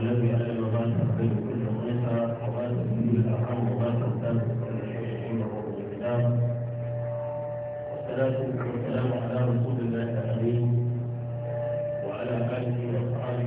الذي علم ما تقبل كل انثى وما تزيد الارحام وما تزداد كل شيء عنده بكتاب والصلاه والسلام على رسول الله الامين وعلى اله واصحابه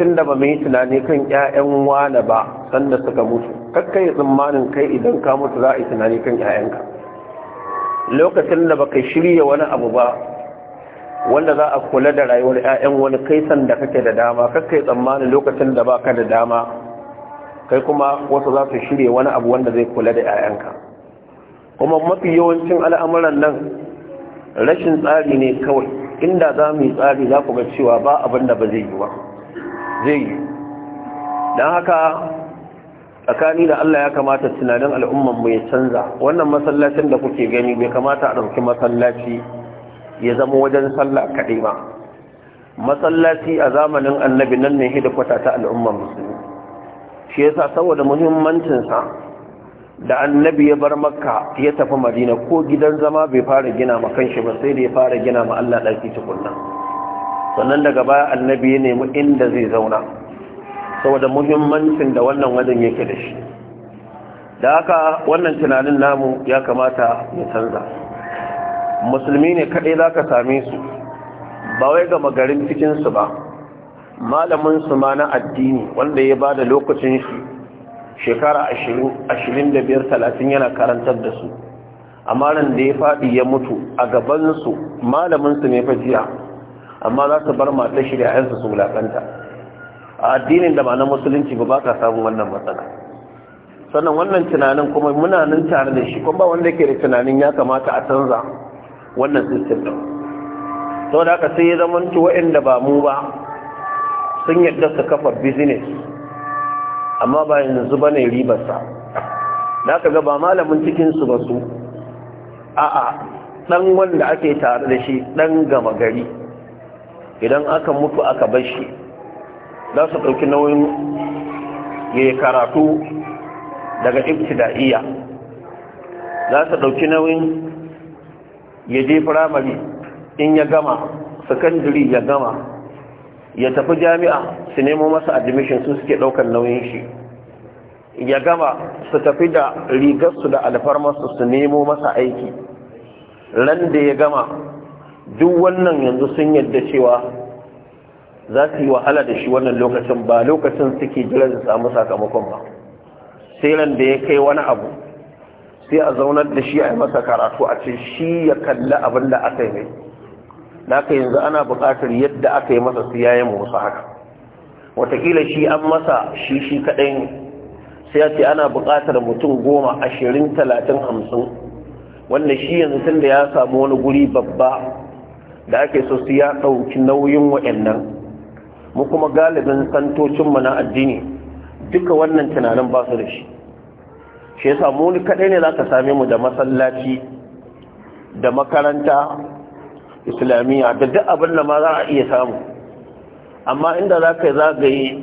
lokacin da ba mu yi tunani kan ƴaƴan wane ba sanda suka mutu kakkai tsammanin kai idan ka mutu za a yi tunani kan ƴaƴanka lokacin da baka shirya wani abu ba wanda za a kula da rayuwar ƴaƴan wani kai sanda kake da dama kakkai tsammanin lokacin da baka da dama kai kuma wasu za su shirya wani abu wanda zai kula da ƴaƴanka kuma mafi yawancin al'amuran nan rashin tsari ne kawai inda za mu yi tsari za ku ga cewa ba abinda da ba zai yi ba zai yi don haka tsakani da Allah ya kamata tunanin al'umman mu ya canza wannan masallacin da kuke gani bai kamata a ɗauki masallaci ya zama wajen sallah kaɗai ba masallaci a zamanin annabi nan ne kwata ta al'umman musulmi shi yasa saboda muhimmancinsa da annabi ya bar makka ya tafi madina ko gidan zama bai fara gina ma shi ba sai da ya fara gina ma Allah ɗarki tukunna sannan daga baya annabi ya nemi inda zai zauna saboda muhimmancin da wannan wajen yake da shi da haka wannan tunanin namu ya kamata ya canza musulmi ne kaɗai za ka same su ba wai gama garin cikinsu ba malamin su ma na addini wanda ya ba da lokacin shi shekara ashirin da biyar talatin yana karantar da su amma da ya faɗi ya mutu a gabansu malaminsu su ne fajiya amma za su bar matar shi da su wulaƙanta a addinin da ba musulunci ba ba ka samun wannan matsala sannan wannan tunanin kuma muna nan tare da shi kuma ba wanda ke da tunanin ya kamata a canza wannan ɗin Sau da haka sai ya zamanto waɗanda ba mu ba sun yadda su kafa business amma ba yanzu ba ne ribarsa da aka ga ba malamin cikinsu ba su a'a ɗan wanda ake tare da shi ɗan gama gari idan aka mutu aka bashi za su ɗauki nauyin ya yi karatu daga ibtida'iyya za su ɗauki nauyin ya je firamare in ya gama sakandiri ya gama ya tafi jami'a su nemo masa admission su suke ɗaukar nauyin shi ya gama su tafi da rigarsu da alfarmarsu su nemo masa aiki ran da ya gama duk wannan yanzu sun yadda cewa za su yi wahala da shi wannan lokacin ba lokacin suke jira samu sakamakon ba sai ran da ya kai wani abu sai a zaunar da shi a yi masa karatu a ce shi ya kalli abin da aka yi mai na ka yanzu ana buƙatar yadda aka yi masa su yayin musu haka watakila shi an masa shi shi kaɗai sai ya ce ana buƙatar mutum goma ashirin talatin hamsin wanda shi yanzu tun da ya samu wani guri babba da ake so su ya ɗauki nauyin wa'annan mu kuma galibin mu na addini duka wannan tunanin ba su da shi shi yasa mu ni kaɗai ne za ka same mu da masallaci da makaranta islamiyya da duk abin da ma za a iya samu amma inda za ka zagaye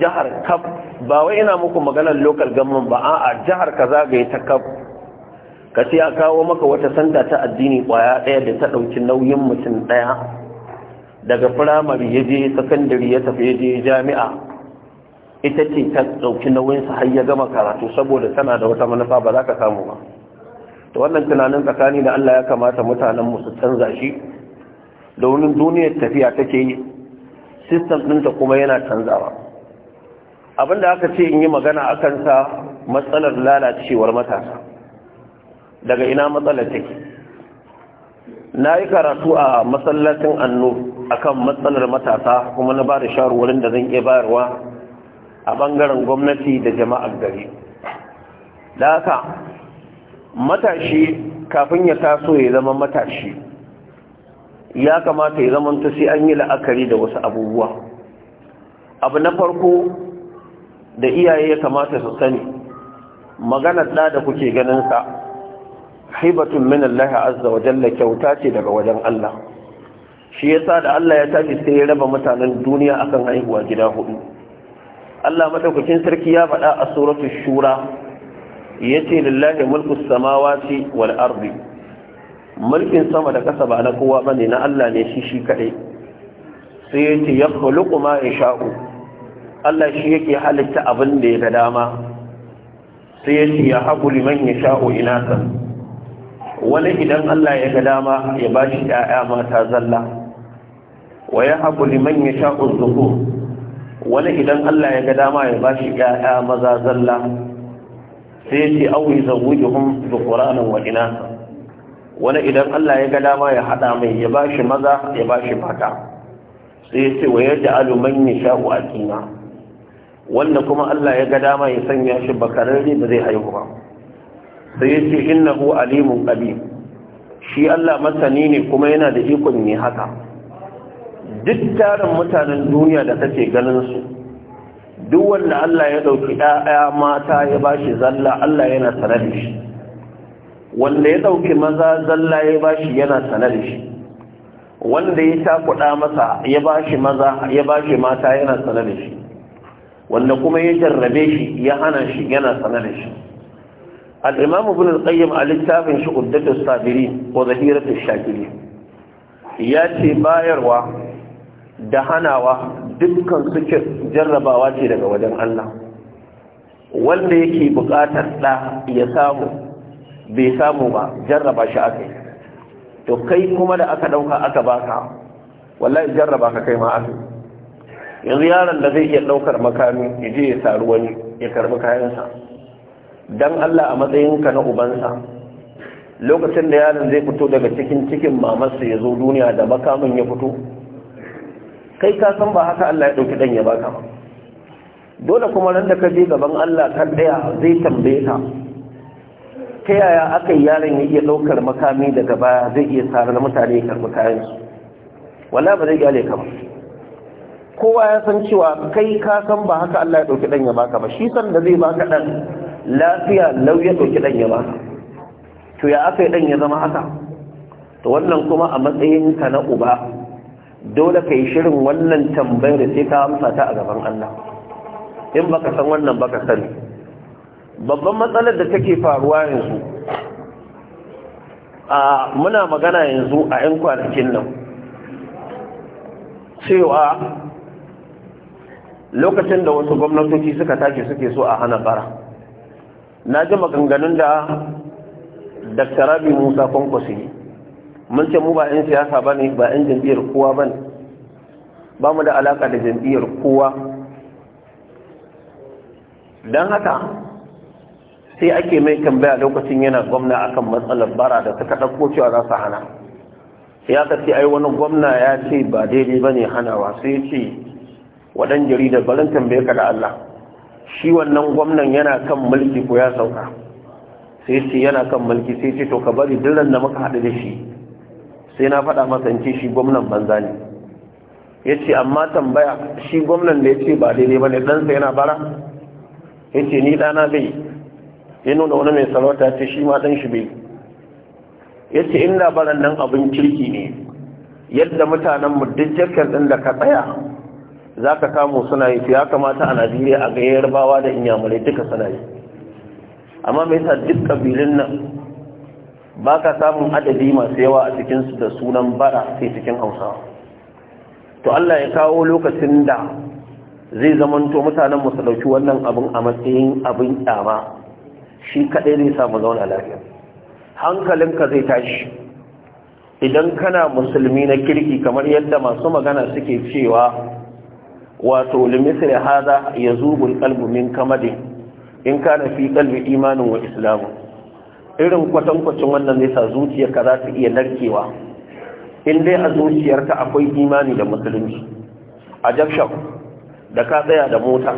jihar kaf ba wai ina muku maganar local government ba a jihar ka zagaye ta kaf ka ce a kawo maka wata santa ta addini kwaya ɗaya da ta ɗauki nauyin mutum ɗaya daga firamare ya je sakandare ya tafi ya je jami'a ita ce ta ɗauki nauyinsa har ya gama karatu saboda tana da wata manufa ba za ka samu ba to wannan tunanin tsakani da Allah ya kamata mutanen mu su canza shi domin duniyar tafiya take yi system ɗinta kuma yana canzawa abinda aka ce in yi magana akan sa matsalar lalacewar matasa daga ina matsala take na yi karatu a masallacin annu akan matsalar matasa kuma na ba da shawarwarin da zan iya bayarwa a ɓangaren gwamnati da jama'ar gari da haka matashi kafin ya taso ya zama matashi ya kamata ya zama sai an yi la'akari da wasu abubuwa abu na farko da iyaye ya kamata su sani maganar da da kuke sa hibatun min Allah azza wa jalla kyauta ce daga wajen Allah shi yasa da Allah ya tafi sai ya raba mutanen duniya akan haihuwa gida hudu Allah madaukakin sarki ya faɗa a suratu shura yace lillahi mulku samawati wal ardi mulkin sama da kasa ba na kowa bane na Allah ne shi shi kadai sai yace yakhluqu ma yasha'u Allah shi yake halitta abin da ya ga dama sai yace ya habu liman yasha'u inasa wani idan Allah ya ga dama ya ba shi ‘ya'ya mata zalla wa ya haɓu liman ya sha uzuku wani idan Allah ya ga dama ya ba shi ‘ya'ya maza zalla sai ce auyi zawuji hun zukuranin wa ina wani idan Allah ya ga dama ya haɗa mai ya ba shi maza ya ba shi fata. sai ce wa ya ja'alu man ya sha'u a kina wanda kuma Allah ya ga dama ya sanya shi bakararre ba zai haihu ba sai yace innahu alimun qadim shi Allah masani ne kuma yana da ikon ne haka duk tarin mutanen duniya da kake ganin su duk wanda Allah ya dauki ɗaya mata ya bashi zalla Allah yana sanar da shi wanda ya dauki maza zalla ya bashi yana sanar da shi wanda ya takuɗa masa ya bashi maza ya bashi mata yana sanar da shi wanda kuma ya jarrabe shi ya hana shi yana sanar da shi al'imam ibn al-qayyim a littafin shi uddatu sabiri wa zahiratu shakiri ya ce bayarwa da hanawa dukkan suke jarrabawa ce daga wajen Allah wanda yake buƙatar ɗa samu bai samu ba jarraba shi aka to kai kuma da aka ɗauka aka baka wallahi jarraba ka kai ma aka yanzu yaron da zai iya ɗaukar makami ya je ya saru wani ya karɓi kayansa dan Allah a matsayinka na ubansa lokacin da yaron zai fito daga cikin cikin mamarsa ya zo duniya da makamin ya fito kai ka san ba haka Allah ya ɗauki ɗan ya baka dole kuma nan da ka je gaban Allah kan ɗaya zai tambaye ka ta yaya aka yi yaron ya iya ɗaukar makami daga baya zai iya tsarar mutane ya karɓi kayan su? wala ba zai gyale ka ba kowa ya san cewa kai ka san ba haka Allah ya ɗauki ɗan ya baka ba shi san da zai baka ɗan lafiya lau ya ɗauki ɗan ya ba to ya aka yi ɗan zama haka to wannan kuma a matsayin ka na uba dole ka yi shirin wannan tambayar sai ka amsa ta a gaban Allah in baka san wannan baka sani babban matsalar da take faruwa yanzu a muna magana yanzu a 'yan kwanakin nan cewa lokacin da wasu gwamnatoci suka tashi suke so a hana bara na ji maganganun da dr rabi musa kwankwasi mun ce mu ba 'yan siyasa ba ne ba 'yan jam'iyyar kowa ba ne ba mu da alaka da jam'iyyar kowa don haka sai ake mai tambaya lokacin yana gwamna akan matsalar bara da suka ɗauko cewa za su hana ya ce ai wani gwamna ya ce ba daidai ba ne hanawa sai ce waɗan jarida balin tambaye ka da allah shi wannan gwamnan yana kan mulki ko ya sauka sai ce yana kan mulki sai ce to ka bari duk da muka haɗu da shi sai na faɗa masa ce shi gwamnan banza ne ya ce amma tambaya shi gwamnan da ya ce ba daidai ba ne ɗansa yana bara ya ce ni ɗana bai ya nuna wani mai sarauta ce shi ma ɗan shi bai ya ce inda baran nan abin kirki ne yadda mutanen mu duk jakar ɗin da ka tsaya za ka samu suna yi ya kamata a najeriya a ga yarbawa da inyamurai duka suna yi amma mai sa duk ƙabilun nan ba ka samun adadi masu yawa a cikinsu da sunan bara sai cikin hausawa to allah ya kawo lokacin da zai zamanto mutanen su wannan abin a matsayin abin ƙyama shi kaɗai zai samu zauna lafiya hankalinka zai tashi idan kana musulmi na kirki kamar yadda masu magana suke cewa wato limisir hadha ya alqalbu min kamadin in kana fi qalbi imanin wa islamu irin kwatankwacin wannan ne sa zuciyarka za ta iya narkewa in dai a zuciyarka akwai imani da musulunci a jakshan da ka tsaya da mota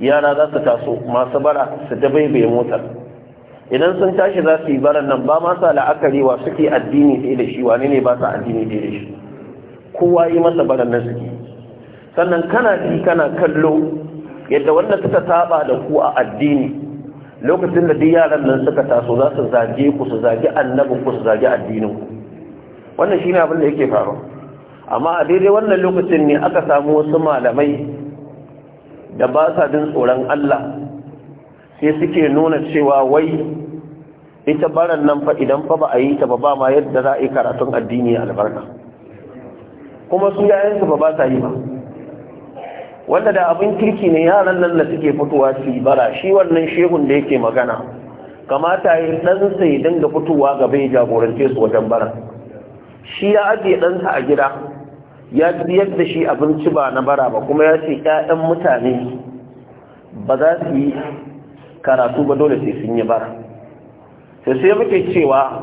yara za su taso masu bara su dabaibaye motar idan sun tashi za su yi baran nan ba ma sa la'akari wa suke addini da shi wani ne ba sa addini da shi kowa yi masa baran nan suke sannan kana ji kana kallo yadda wannan suka saba da ku a addini lokacin da duk yaran nan suka taso za su zage ku su zage annabin ku su zage addinin ku wannan shine abin da yake faru amma a daidai wannan lokacin ne aka samu wasu malamai da ba sa jin tsoron Allah sai suke nuna cewa wai ita baran nan fa idan fa ba a yi ta ba ba ma yadda za a yi karatun addini albarka kuma su su ba ba sa yi ba wanda da abin kirki ne yaran nan da suke fitowa su yi bara shi wannan shehun da yake magana kamata ya ɗansa ya dinga fitowa gaba ya jagorance su wajen bara shi ya ajiye ɗansa a gida ya biyar da shi abinci ba na bara ba kuma ya ce 'ya'yan mutane ba za su yi karatu ba dole sai sun yi bara sai sai muke cewa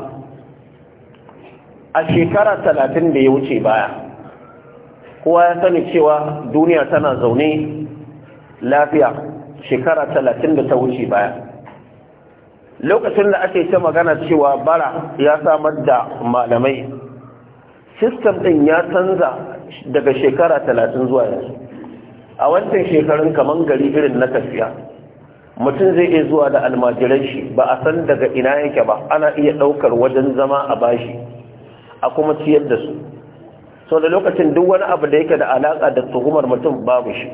a shekara talatin da ya wuce baya kowa ya sani cewa duniya tana zaune lafiya shekara talatin da ta wuce baya lokacin da ake ta magana cewa bara ya samar da malamai sistem ɗin ya canza daga shekara talatin zuwa yanzu a wancan shekarun kamar gari irin na tafiya mutum zai iya zuwa da almajiran shi ba a san daga ina yake ba ana iya ɗaukar wajen zama a bashi a kuma ciyar da su sau da lokacin duk wani abu da yake da alaƙa da tuhumar mutum babu shi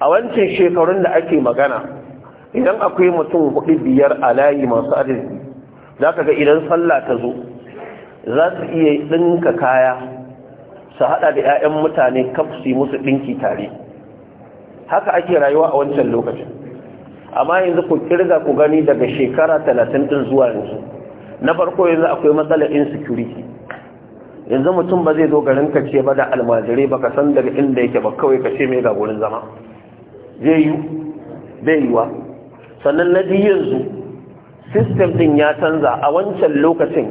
a wancan shekarun da ake magana idan akwai mutum hudu biyar a layi masu arziki za ka ga idan sallah ta zo za su iya ɗinka kaya su haɗa da 'ya'yan mutane kaf musu ɗinki tare haka ake rayuwa a wancan lokacin amma yanzu ku kirga ku gani daga shekara talatin ɗin zuwa yanzu na farko yanzu akwai matsalar insecurity yanzu mutum ba zai zo garin ka ce ba da almajirai ba ka san daga inda yake ba kawai ka ce mai ga wurin zama zai yi bai yiwa sannan na biyu yanzu sistem din ya canza a wancan lokacin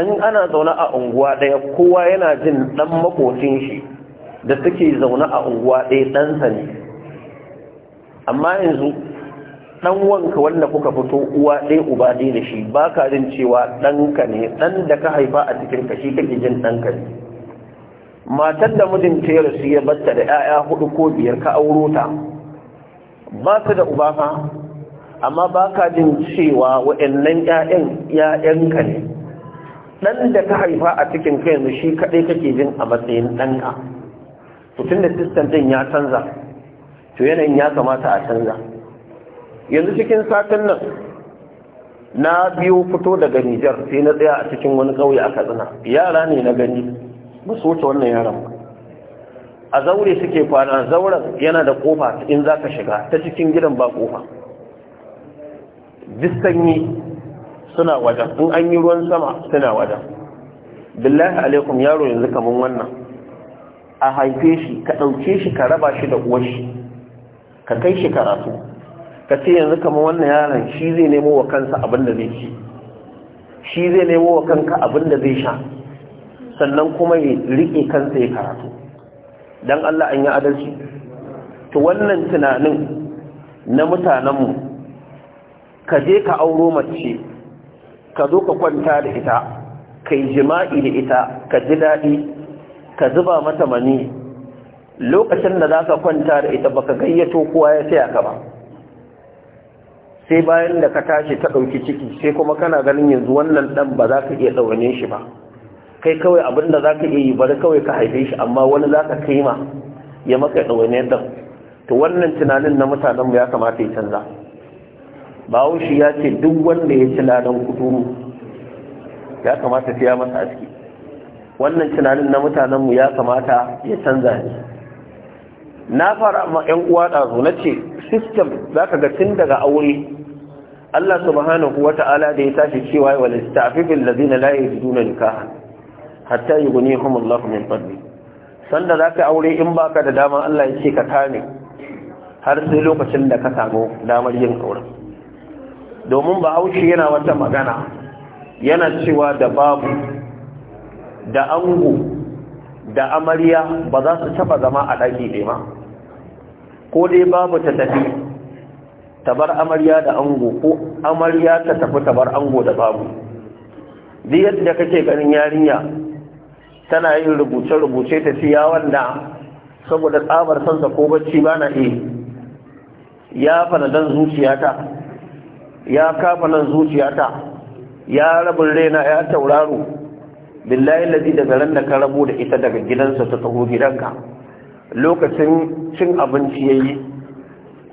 an ana zaune a unguwa ɗaya kowa yana jin ɗan makocin shi da suke zaune a unguwa ɗaya ɗansa ne amma yanzu dan wanka wanda kuka fito uwa ɗaya uba ɗaya da shi ba ka jin cewa ɗanka ne ɗan da ka haifa a cikin ka shi kake jin ɗanka ne matar da mijin ta su ya batta da 'ya'ya hudu ko biyar ka auro ta ba su da uba fa amma ba ka jin cewa waɗannan ƴaƴan 'ya'yanka ne ɗan da ka haifa a cikin ka yanzu shi kaɗai kake jin a matsayin ɗanka to tun da sistan ɗin ya canza to yanayin ya kamata a canza yanzu cikin satin nan na biyo fito daga nijar sai na tsaya a cikin wani ƙauye a katsina yara ne na gani ba su wuce wannan yaran a zaure suke kwana zauren yana da kofa in za ka shiga ta cikin gidan ba kofa duk yi suna wajen in an yi ruwan sama suna wajen billahi alaikum yaro yanzu kamun wannan a haife shi ka ɗauke shi ka raba shi da shi, ka kai shi karatu ka ce yanzu kama wannan yaron shi zai nemo wa kansa abin da zai ci shi zai nemo wa kanka abin da zai sha sannan kuma ya riƙe kansa ya karatu don Allah an yi adalci to wannan tunanin na mutanenmu ka je ka auro mace ka zo ka kwanta da ita ka yi jima'i da ita ka ji daɗi ka zuba mata mani lokacin da za ka kwanta da ita baka gayyato kowa ya saya ka ba sai bayan da ka tashi ta ɗauki ciki sai kuma kana ganin yanzu wannan ɗan ba za ka iya ɗaune shi ba kai kawai abin da za ka iya yi bari kawai ka haife shi amma wani za ka kai ma ya maka ɗaune ɗan to wannan tunanin na mutanenmu ya kamata ya canza shi ya ce duk wanda ya ci ladan kuturu ya kamata ya masa aski wannan tunanin na mutanenmu ya kamata ya canza ne na fara ma yan uwa ɗazu na ce system za ka ga tun daga aure Allah subhanahu wa ta'ala da ya tashi cewa wa na layi la duna nikaha hatta yughnihum Allahu min fadli sanda za yi aure in ba ka da dama Allah ya ce ka kame har sai lokacin da ka samu damar yin aure. domin bahaushe yana wata magana yana cewa da babu da ango da amarya ba za su taba zama a ɗaki ɗaya ma ko dai babu ta tafi ta bar amarya da ango ko amarya ta tafi ta bar ango da babu duk yadda kake ganin yarinya tana yin rubuce-rubuce ta fiya wanda saboda tsabar sansa ko bacci ba na iya ya don zuciyata ya kafa nan zuciyata ya rabin raina ya tauraro billahi lazi daga ran da ka rabu da ita daga gidansa ta taho gidanka lokacin cin abinci yayi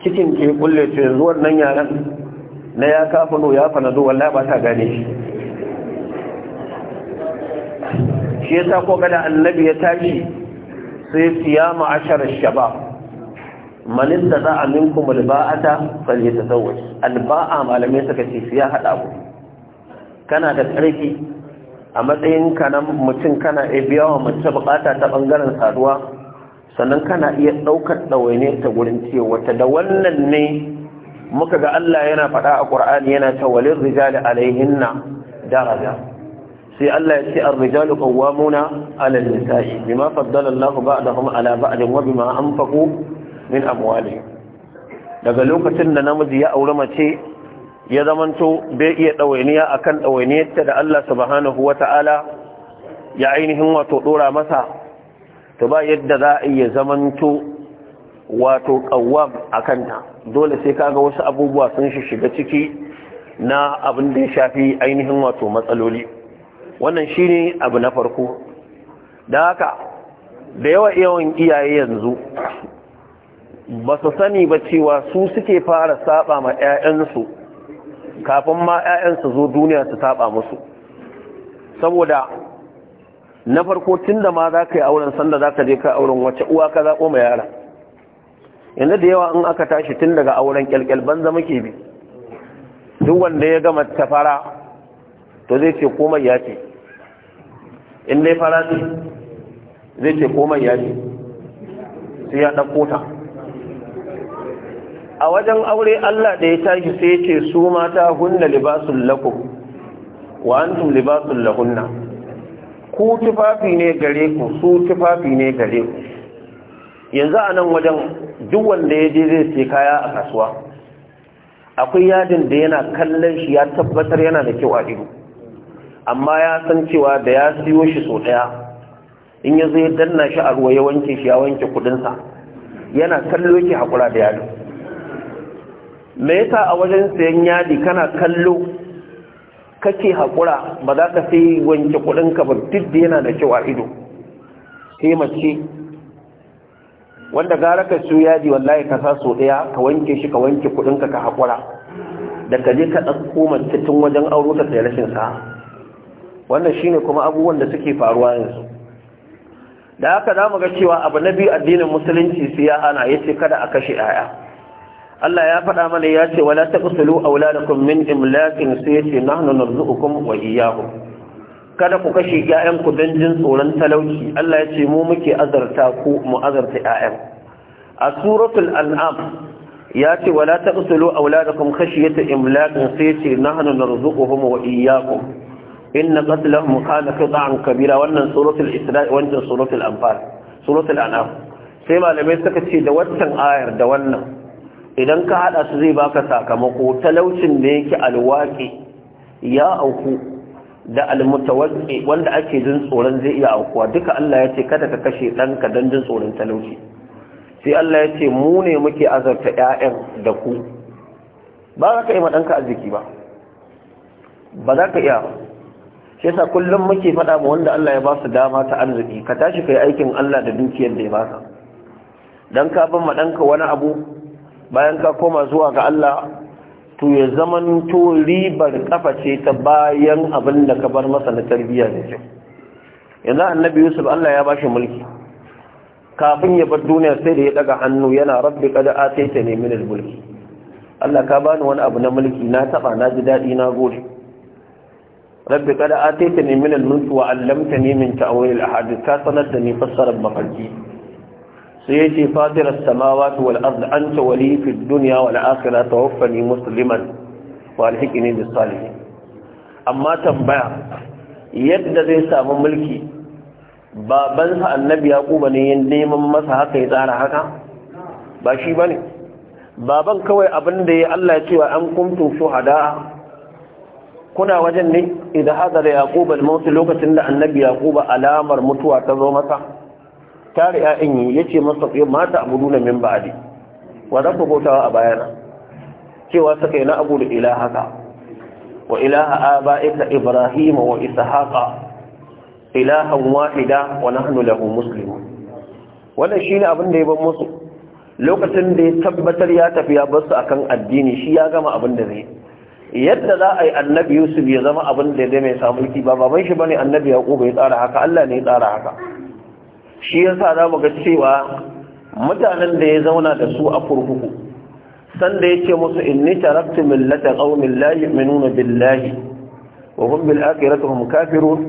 cikin ke kulle ce yanzu wannan yaran na ya kafano ya fanado wallahi ba ta gane shi shi yasa ko gada annabi ya tashi sai siyama ashar shabab man ku minkum alba'ata falyatazawwaj alba'a malamai suka ce siya hada ku kana da karfi a matsayin kanan mutum kana iya biya wa mace bukata ta bangaren saduwa sannan kana iya ɗaukar ɗawaine ta gurin ta da wannan ne muka ga Allah yana faɗa a ƙur'ani yana ta walin rijali alaihinna daraja sai Allah ya ce an rijalu qawwamuna 'ala an-nisa'i bima faddala Allahu ba'dahum 'ala ba'din wa an anfaqu min amwali daga lokacin da namiji ya aure mace ya zamanto bai iya ɗawainiya a kan ɗawainiyarta da Allah subhanahu wa ta'ala ya ainihin wato ɗora masa to ba yadda za a iya zamanto wato ƙawam a kanta dole sai kaga wasu abubuwa sun shi shiga ciki na abin da ya shafi ainihin wato matsaloli wannan shi ne abu na farko da haka da yawa yawan iyaye yanzu ba su sani ba cewa su suke fara saba ma 'ya'yansu kafin ma 'ya'yansa zo duniya su taɓa musu saboda na farko tun da ma za ka yi auren sanda za ka je ka auren wacce uwa ka zaɓo mai yara yanzu da yawa in aka tashi tun daga auren kyalkyal banza muke bi duk wanda ya gama ta fara to zai ce komai ya ce in dai fara ne zai ce komai ya ce sai ya ɗauko ta a wajen aure Allah da ya tashi sai ce su mata hunna libasun lakum wa antum libasun lahunna ku tufafi ne gare ku su tufafi ne gare ku yanzu a nan wajen duk wanda ya je zai sai kaya a kasuwa akwai yadin da yana kallon shi ya tabbatar yana da kyau a ido amma ya san cewa da ya siyo shi sau daya in ya zai ya danna shi a ruwa ya wanke shi ya wanke kudinsa yana kallo yake hakura da yadin me yasa a wajen sayan yadi kana kallo kake haƙura ba za ka sai wanke kuɗinka ba duk da yana da kyau a ido he mace wanda gara ka su yadi wallahi ka sa so ɗaya ka wanke shi ka wanke kuɗinka ka haƙura da ka je ka ɗauko mace tun wajen auro ta sai rashin sa wannan shine kuma abubuwan da suke faruwa yanzu da haka za mu ga cewa abu na biyu addinin musulunci sai ya hana ya ce kada a kashe 'ya'ya Allah ya faɗa mana ya ce wala ta taqtulu auladakum min imlakin sai ce na nahnu narzuqukum wa iyyahum kada ku kashe ƴaƴan ku dan jin tsoron talauci Allah ya ce mu muke azarta ku mu azarta ƴaƴan a suratul an'am ya ce wala ta taqtulu auladakum khashiyata imlakin sai ce na nahnu narzuquhum wa iyyakum inna qatlahum kana qita'an kabira wannan suratul isra wancan suratul anfal suratul an'am sai malamai suka ce da wannan ayar da wannan idan ka hada su zai baka sakamako talaucin da yake alwaki ya auku da almutawaki wanda ake jin tsoron zai iya aukuwa duka Allah ya ce kada ka kashe ɗanka don jin tsoron talauci sai Allah ya ce mu ne muke azarta ƴaƴan da ku ba za ka yi ma ka arziki ba ba za ka iya shi yasa kullum muke faɗa ma wanda Allah ya ba su dama ta arziki ka tashi kai aikin Allah da dukiyar da ya ba ka. dan ka ban ma ka wani abu bayan ka koma zuwa ga Allah to ya zaman to ribar kafa ce ta bayan abin da ka bar masa na tarbiyya ne yanzu annabi yusuf Allah ya bashi mulki kafin ya bar duniya sai da ya daga hannu yana rabbi qad ataita ni min mulki Allah ka bani wani abu na mulki na taba na ji dadi na gode rabbi qad ataita ni min al-mulki wa 'allamtani min ta'wil al-ahadith ka sanar da ni fassarar mafarki sai ya ce fadirar samawa ta wal'arda an ta wali fi duniya wa la'akira ta waffani musulman wa alhikini da salihi amma tambaya yadda zai samu mulki babansa annabi ya ƙuba ne yin neman masa haka ya tsara haka ba shi ba ne baban kawai abin da ya Allah ya cewa an kuntum shuhada kuna wajen ne idan hadara yaquba ya maut lokacin da annabi Yakuba alamar mutuwa ta zo masa tare ‘ya'yan yi ya ce masa fiye mata abu nuna min ba'adi wa za ku bautawa a bayana cewa suka yi na abu da ilahaka wa ilaha aba'ika ibrahim wa ishaqa ilahan wahida wa nahnu lahu muslimun wannan ne abin da ya ban musu lokacin da ya tabbatar ya tafi ya bar su akan addini shi ya gama abin da zai yadda za a yi annabi yusuf ya zama abin da zai mai samun ba baban shi bane annabi yaqub ya tsara haka Allah ne ya tsara haka shi yasa za mu ga cewa mutanen da ya zauna da su a kurkuku sanda ya ce musu inni taraktu millata qaumin la yu'minuna billahi wa hum bil akhirati hum kafirun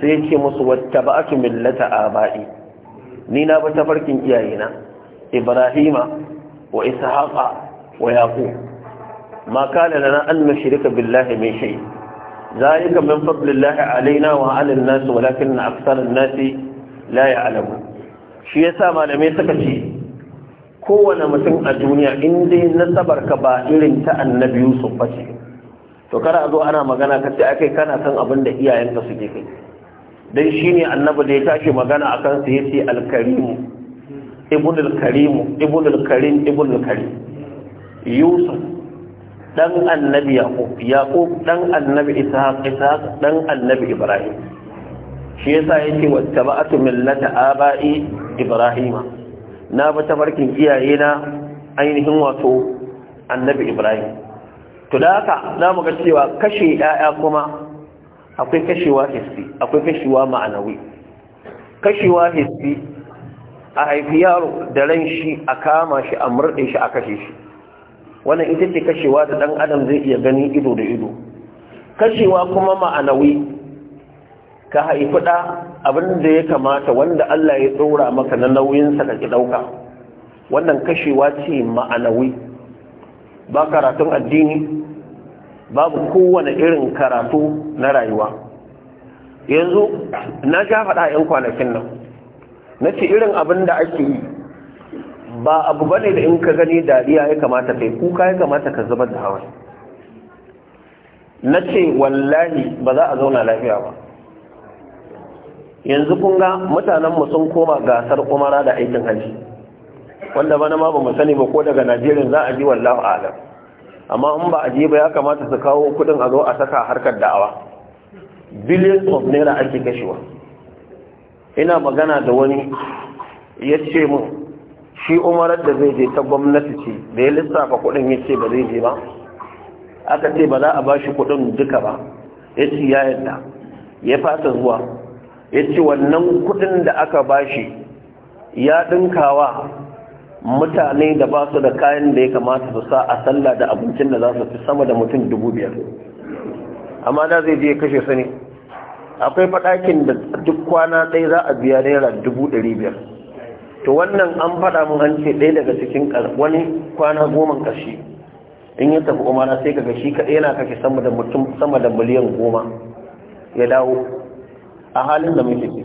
sai ya ce musu wattaba'tu millata aba'i ni na bi tafarkin iyayena ibrahima wa ishaqa wa yaqub ma kana lana an nushrika billahi min shay ذلك من فضل الله علينا وعلى الناس ولكن أكثر الناس la alamu shi ya yasa malamai suka ce kowane mutum a duniya inda dai nasabar ka ba irin ta annabi Yusuf ba ce to kada a zo ana magana ka ce akai kana san abin da iyayenka suke kai dan ne annabi da ya tashi magana akan sa yace al Alkarimu ibn al-karim ibn alkarim ibn alkarim Yusuf dan annabi Yaqub Yaqub dan annabi Ishaq Ishaq dan annabi Ibrahim shi yasa yake wattaba'atu millata aba'i ibrahima na bi tabarkin iyaye na ainihin wato annabi ibrahim to da haka za mu ga cewa kashe yaya kuma akwai kashewa hissi akwai kashewa ma'anawi kashewa hissi a haifi yaro da ran shi a kama shi a murɗe shi a kashe shi wannan ita ce kashewa da ɗan adam zai iya gani ido da ido kashewa kuma ma'anawi ka haifi ɗa abin da ya kamata wanda Allah ya tsora maka na nauyinsa da ki ɗauka wannan kashewa ce ma'anawi ba karatun addini babu kowane irin karatu na rayuwa yanzu na sha faɗa 'yan kwanakin nan na ce irin abin da ake yi ba abu ba da in ka gani dariya ya kamata kai kuka ya kamata ka zubar da hawa na ce wallahi ba za a zauna lafiya ba yanzu kun ga mutanenmu sun koma gasar umara da aikin haji wanda bana ma ba mu sani ba ko daga najeriya za a ji wallahu alam amma in ba a ji ba ya kamata su kawo kudin a zo a saka harkar da'awa billions of naira ake kashewa ina magana da wani ya ce mu shi umarar da zai je ta gwamnati ce da ya lissafa kudin ya ce ba zai je ba aka ce ba za a ba shi kudin duka ba ya ci ya yadda ya fata zuwa ya ce wannan kudin da aka ba shi ya ɗinkawa mutane da ba su da kayan da ya kamata su sa a sallah da abincin da za su fi sama da mutum dubu biyar amma da zai je kashe su ne akwai faɗakin da duk kwana ɗaya za a biya naira dubu ɗari biyar to wannan an faɗa mun an ce ɗaya daga cikin wani kwana goma ƙarshe in ya tafi umara sai ka gashi kaɗai yana kashe da mutum sama da miliyan goma ya dawo a halin da muke ciki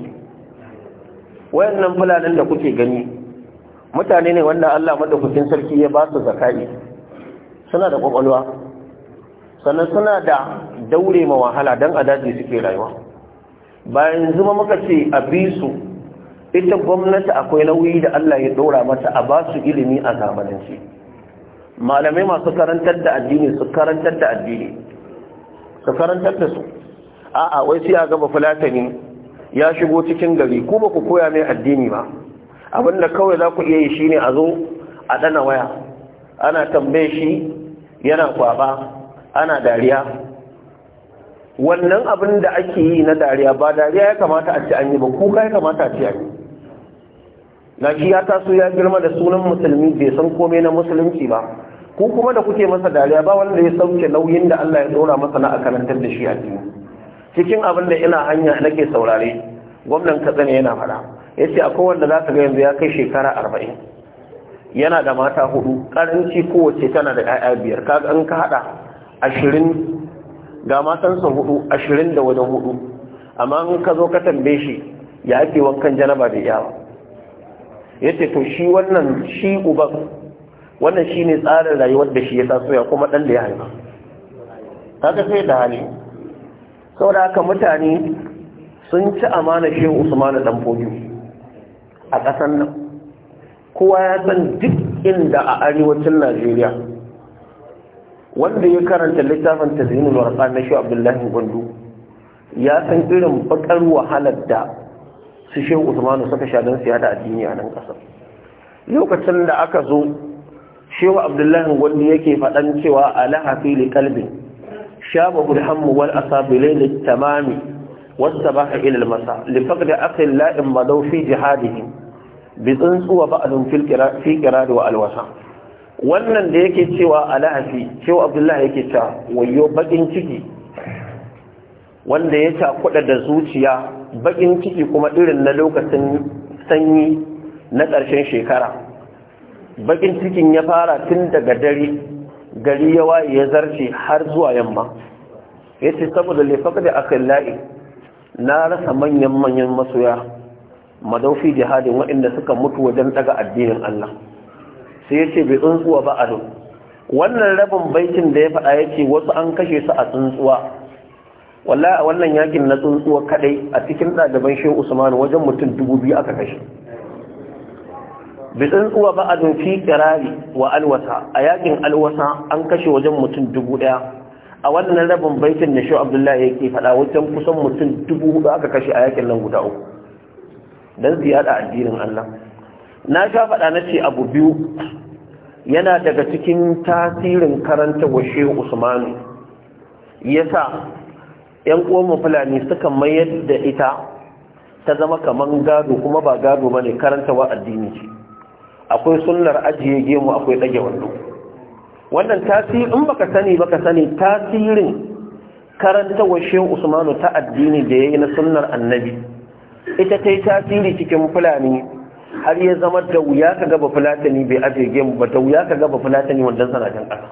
wayannan fulanin da kuke gani mutane ne wanda Allah madaukakin sarki ya ba su zakai suna da kwakwalwa sannan suna da daure ma wahala dan adaji suke rayuwa bayan zuma muka ce a bi su ita gwamnati akwai nauyi da Allah ya dora mata a ba su ilimi a zamanance malamai masu karantar da addini su karantar da addini su karantar da su a'a wai sai a gaba fulatani ya shigo cikin gari ko ba ku koya mai addini ba abin da kawai za ku iya yi shine a zo a dana waya ana tambaye shi yana kwaba ana dariya wannan abin da ake yi na dariya ba dariya ya kamata a ci an yi ba kuka ya kamata a ci an yi na shi ya taso ya girma da sunan musulmi bai san komai na musulunci ba Ku kuma da kuke masa dariya ba wanda ya sauke nauyin da Allah ya dora masa na a karantar da shi addini cikin abin da ina hanya nake saurare gwamnan katsina yana fara ya ce akwai wanda za ka ga yanzu ya kai shekara arba'in yana da mata hudu karanci kowace tana da 'ya'ya biyar kaga an ka hada ashirin ga matansa hudu ashirin da wajen hudu amma in ka zo ka tambaye shi ya ake wankan janaba da iyawa. ya ce to shi wannan shi uban wannan shi tsarin rayuwar da shi ya tasoya kuma ɗan da ya haifa kaga sai da hali saboda haka mutane sun ci amana shehu usmanu dan fojo a ƙasar nan kowa ya san duk inda a arewacin najeriya wanda ya karanta littafin tazinin warqa na shehu abdullahi gwandu ya san irin bakar wahalar da su shehu usmanu suka sha don siya da addini a nan ƙasar lokacin da aka zo shehu abdullahi gwandu yake faɗan cewa alaha fili kalbin shaba burhanmu wal asabilai da tamami wasu ba a ilil masa da aka yi la'in madau fi jihadihim bi tsuwa ba a fi kira da wa'alwasa wannan da yake cewa a la'afi cewa abdullahi yake ta wayo bakin ciki wanda ya ca kuɗa da zuciya baƙin ciki kuma irin na lokacin sanyi na ƙarshen shekara Baƙin cikin ya fara tun daga dare gari ya waye ya zarce har zuwa yamma ya ce saboda laifaka da aka la'i na rasa manyan manyan masoya madaufi jihadin waɗanda suka mutu wajen daga addinin Allah sai ya ce bai tsuntsuwa ba a wannan rabin baitin da ya faɗa ya ce wasu an kashe su a tsuntsuwa wallahi a wannan yakin na tsuntsuwa kadai a cikin ɗaliban shehu usman wajen mutum dubu biyu aka kashe bi tsuntsuwa ba a fi kirari wa alwasa a yakin alwasa an kashe wajen mutum dubu daya a wannan rabin baitin da shi abdullahi ke faɗa wajen kusan mutum dubu hudu aka kashe a yakin nan guda uku don su yada addinin allah na sha faɗa na ce abu biyu yana daga cikin tasirin karanta wa shi usmanu sa yan uwan fulani suka mayar da ita ta zama kamar gado kuma ba gado ba ne wa addini ce akwai sunnar ajiye gemu akwai ɗage wando wannan tasiri in baka sani baka sani tasirin karantawar shehu usmanu ta addini da ya yi na sunnar annabi ita ta yi tasiri cikin fulani har ya zama da wuya ka gaba fulatani bai ajiye gemu ba da wuya ka gaba fulatani wanda sanatan ƙasa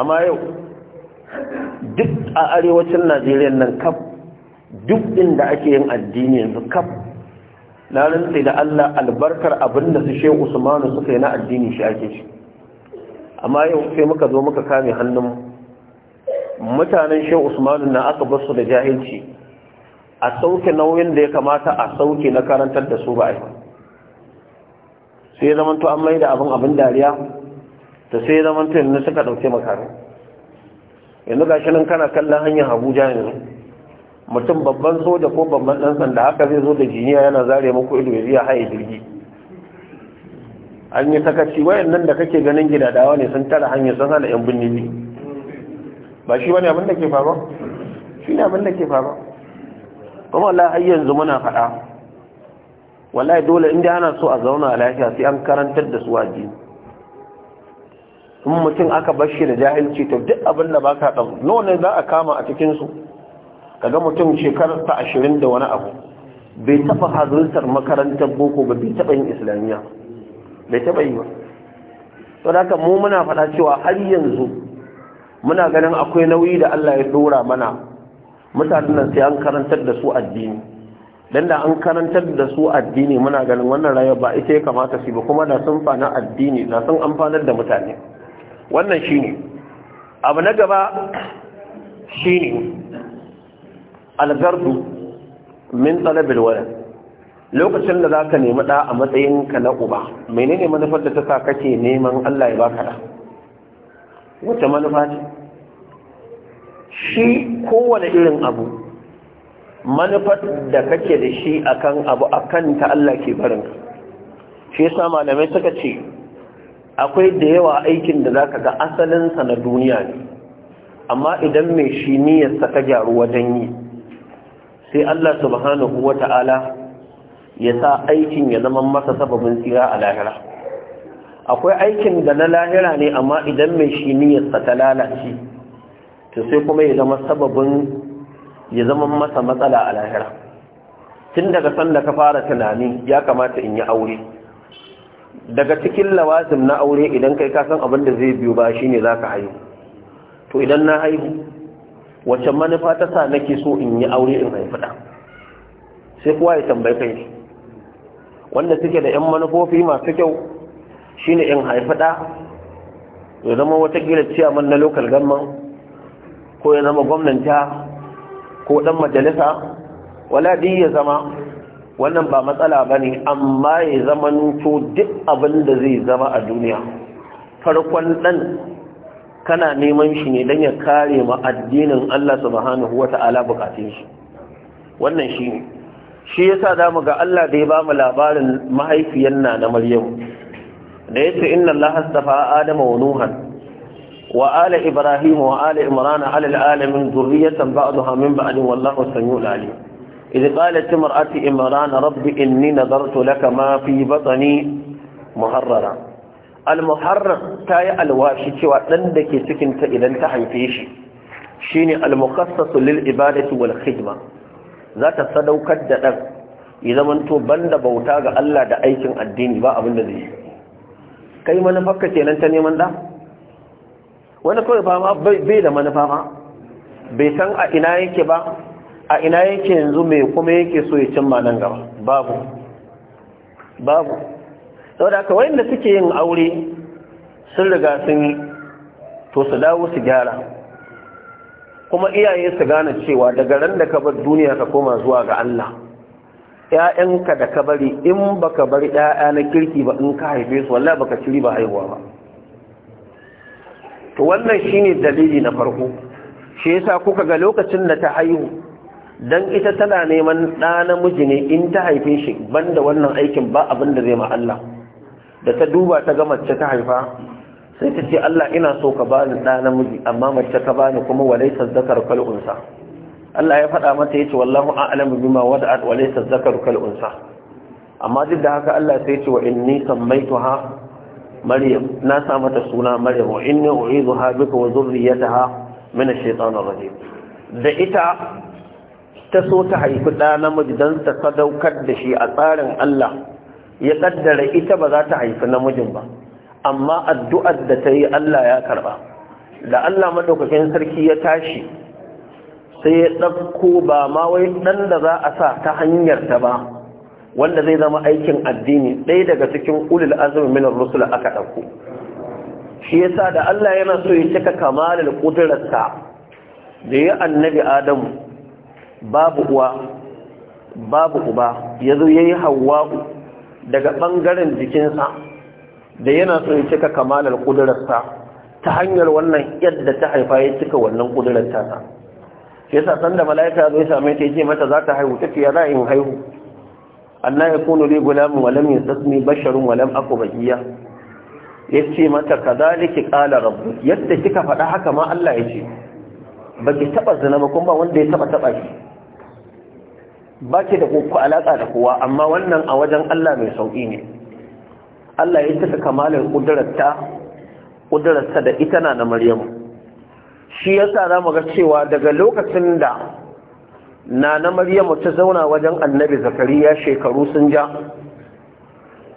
amma yau duk a arewacin najeriya nan kaf duk inda ake yin addini yanzu kaf na sai da Allah albarkar abin da su shehu Usmanu suka yi na addini shi ake shi amma yau sai muka zo muka kame hannun mutanen shehu Usmanu na aka bar su da jahilci a sauke nauyin da ya kamata a sauke na karantar da su ba sai zaman to an mai da abin abin dariya ta sai zaman to ne suka dauke makarai yanzu gashi nan kana kallon hanyar Abuja yanzu mutum babban soja ko babban ɗan sanda haka zai zo da jiniya yana zare muku ido ya biya haye jirgi an yi sakaci wayan nan da kake ganin gidadawa ne sun tara hanyar sun hana yan binni ne ba shi wani abin da ke faruwa shi ne abin da ke faruwa kuma Allah har yanzu muna faɗa wallahi dole in dai ana so a zauna a lafiya sai an karantar da su waje. in mutum aka bar shi da jahilci to duk abin da baka ɗan nawa ne za a kama a cikin su kaga mutum shekarar ta ashirin da wani abu bai taɓa hazurtar makarantar boko ba bai taɓa yin islamiyya bai taɓa yi ba to da mu muna faɗa cewa har yanzu muna ganin akwai nauyi da Allah ya dora mana mutanen nan sai an karantar da su addini dan da an karantar da su addini muna ganin wannan rayuwa ba ita ya kamata su ba kuma da sun fana addini da sun amfanar da mutane wannan shine abu na gaba shine algardu min talabil wala lokacin da zaka nemi da a matsayin ka na uba menene manufar da ta sa kake neman Allah ya baka da wace manufa ce shi kowane irin abu manufar da kake da shi akan abu akan ta Allah ke barin ka shi yasa malamai suka ce akwai da yawa aikin da zaka ga asalin sa na duniya ne amma idan mai shi sa ta gyaru wajen yi sai Allah subhanahu wa ta'ala ya sa aikin ya zama masa sababin tsira a lahira akwai aikin da na lahira ne amma idan mai shi niyyarsa ta lalace to sai kuma ya zama sababin ya zama masa matsala a lahira tun daga sanda ka fara tunani ya kamata in yi aure daga cikin lawazim na aure idan kai kasan abin da zai biyu ba shine ka haihu to idan na haihu wacce manufa ta sa nake so in yi aure in haifi ɗa sai kuwa ya tambayi kai wanda suke da 'yan manufofi masu kyau shine in haifi ɗa ya zama watakila man na lokal gamman ko ya zama gwamnanta ko ɗan majalisa wala ya zama wannan ba matsala ba ne amma ya zama nuto duk abin da zai zama a duniya farkon ɗan kana neman shi ne don ya kare ma addinin Allah subhanahu wa ta'ala bukatun shi wannan shi ne shi yasa da mu ga Allah da ya ba mu labarin mahaifiyar na na Maryam. da yace inna Allah astafa Adama wa Nuhan wa ala Ibrahim wa ala Imran ala alamin zurriyatan ba'daha min ba'din wallahu samiul alim idh qalat imra'atu Imran rabbi inni nadartu laka ma fi batni muharrara al-muharram ta yi alwashi cewa ɗan da ke cikinta idan ta haife shi shi ne al-mukassasu lil ibadati wal khidma za ta sadaukar da ɗan ya zamanto banda bauta ga Allah da aikin addini ba abin da zai yi kai manufarka kenan ta neman da wani kawai ba ma bai da manufa ma bai san a ina yake ba a ina yake yanzu mai kuma yake so ya cimma nan gaba babu babu saboda haka wayanda suke yin aure sun riga sun yi to su dawo su gyara kuma iyaye su gane cewa daga ran da ka bar duniya ka koma zuwa ga Allah ‘ya'yanka da ka bari in baka bari ‘ya'ya na kirki ba in ka haife su ba baka ciri ba haihuwa ba to wannan shine dalili na farko shi yasa kuka ga lokacin da ta haihu dan ita tana neman ɗa namiji ne in ta haife shi banda wannan aikin ba abin da zai ma Allah da ta duba ta ga mace ta haifa sai ta ce Allah ina so ka bani ɗa namiji amma mace ka bani kuma walaita zakar kal Allah ya faɗa mata yace wallahu a'lamu bima wada'at walaita zakar kal amma duk da haka Allah sai ya ce wa inni sammaituha maryam na sa mata suna maryam wa inni u'izuha bika wa zurriyataha min ash-shaytanir rajim da ita ta so ta haifi ɗa namiji don ta sadaukar da shi a tsarin Allah ya kaddara ita ba za ta haifi namijin ba amma addu'ar da ta yi Allah ya karba da Allah madaukakin sarki ya tashi sai ya ɗauko ba ma wai ɗan da za a sa ta hanyar ta ba wanda zai zama aikin addini ɗaya daga cikin ulul azumi minar rusula aka ɗauko shi yasa da Allah yana so ya cika kamalar ƙudurarsa da ya annabi adamu babu uwa babu uba ya yayi ya yi daga ɓangaren jikinsa da yana son ya cika kamalar ƙudurarsa ta hanyar wannan yadda ta haifa ya cika wannan ƙudurar tasa yasa san da mala'ika zai same ta yace mata za ta haihu take ya za in haihu anna yakunu li gulamin wa lam yastasmi basharun wa lam aku Ya ce mata kadhalika ƙala rabbu yadda kika faɗa haka ma Allah ya ce. baki taba zina ba kuma wanda ya taɓa taɓa shi ba ke da kuku alaƙa da kowa amma wannan a wajen Allah mai sauƙi ne Allah ya cika kamalin ƙudurarta ƙudurarsa da ita na na Maryamu shi ya sa za mu ga cewa daga lokacin da na na Maryamu ta zauna wajen annabi zakariya shekaru sun ja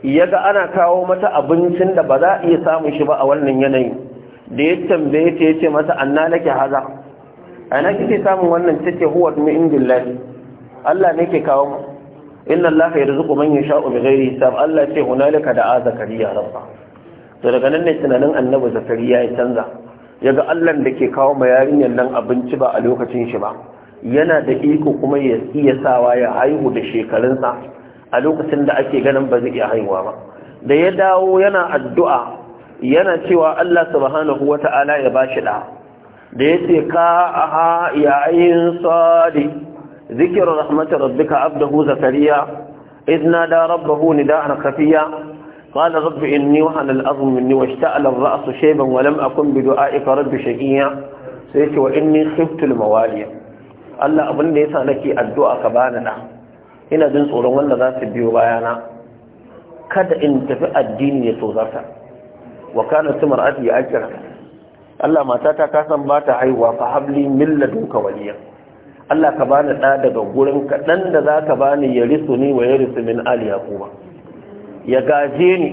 ya ga ana kawo mata abincin da ba za a iya samun shi ba a wannan yanayi da ya tambaye ta ya ce mata anna nake haza ana kike samun wannan take huwa min indillahi Allah ne ke kawo mu inna Allah ya rizuku man yasha'u bi ghairi hisab Allah ce hunalika da'a zakariya rabba to daga nan ne tunanin annabi zakariya ya canza yaga Allah da ke kawo ma yarinyar nan abinci ba a lokacin shi ba yana da iko kuma ya iya sawa ya haihu da shekarunsa a lokacin da ake ganin ba zai iya haihuwa ba da ya dawo yana addu'a yana cewa Allah subhanahu wata'ala ya bashi da da yace ka aha ya ayin sadi ذكر رحمة ربك عبده زكريا إذ نادى ربه نداء خفيا قال رب إني وهن الأظم مني واشتعل الرأس شيبا ولم أكن بدعائك رب شقيا سيتي وإني خفت الموالي الله أبن ليس لك الدعاء كباننا إن جنس أولوان ذات بيوبايانا كد إن تفئ الدين يتوزرتا وكانت مرأتي أجرا الله ما تاتا كاسم باتا عيوا فحبلي من لدنك وليا Allah ka bani ɗa daga gurin kaɗan da za ka bani ya risu ni wa ya risu min ali yaquba ya gaje ni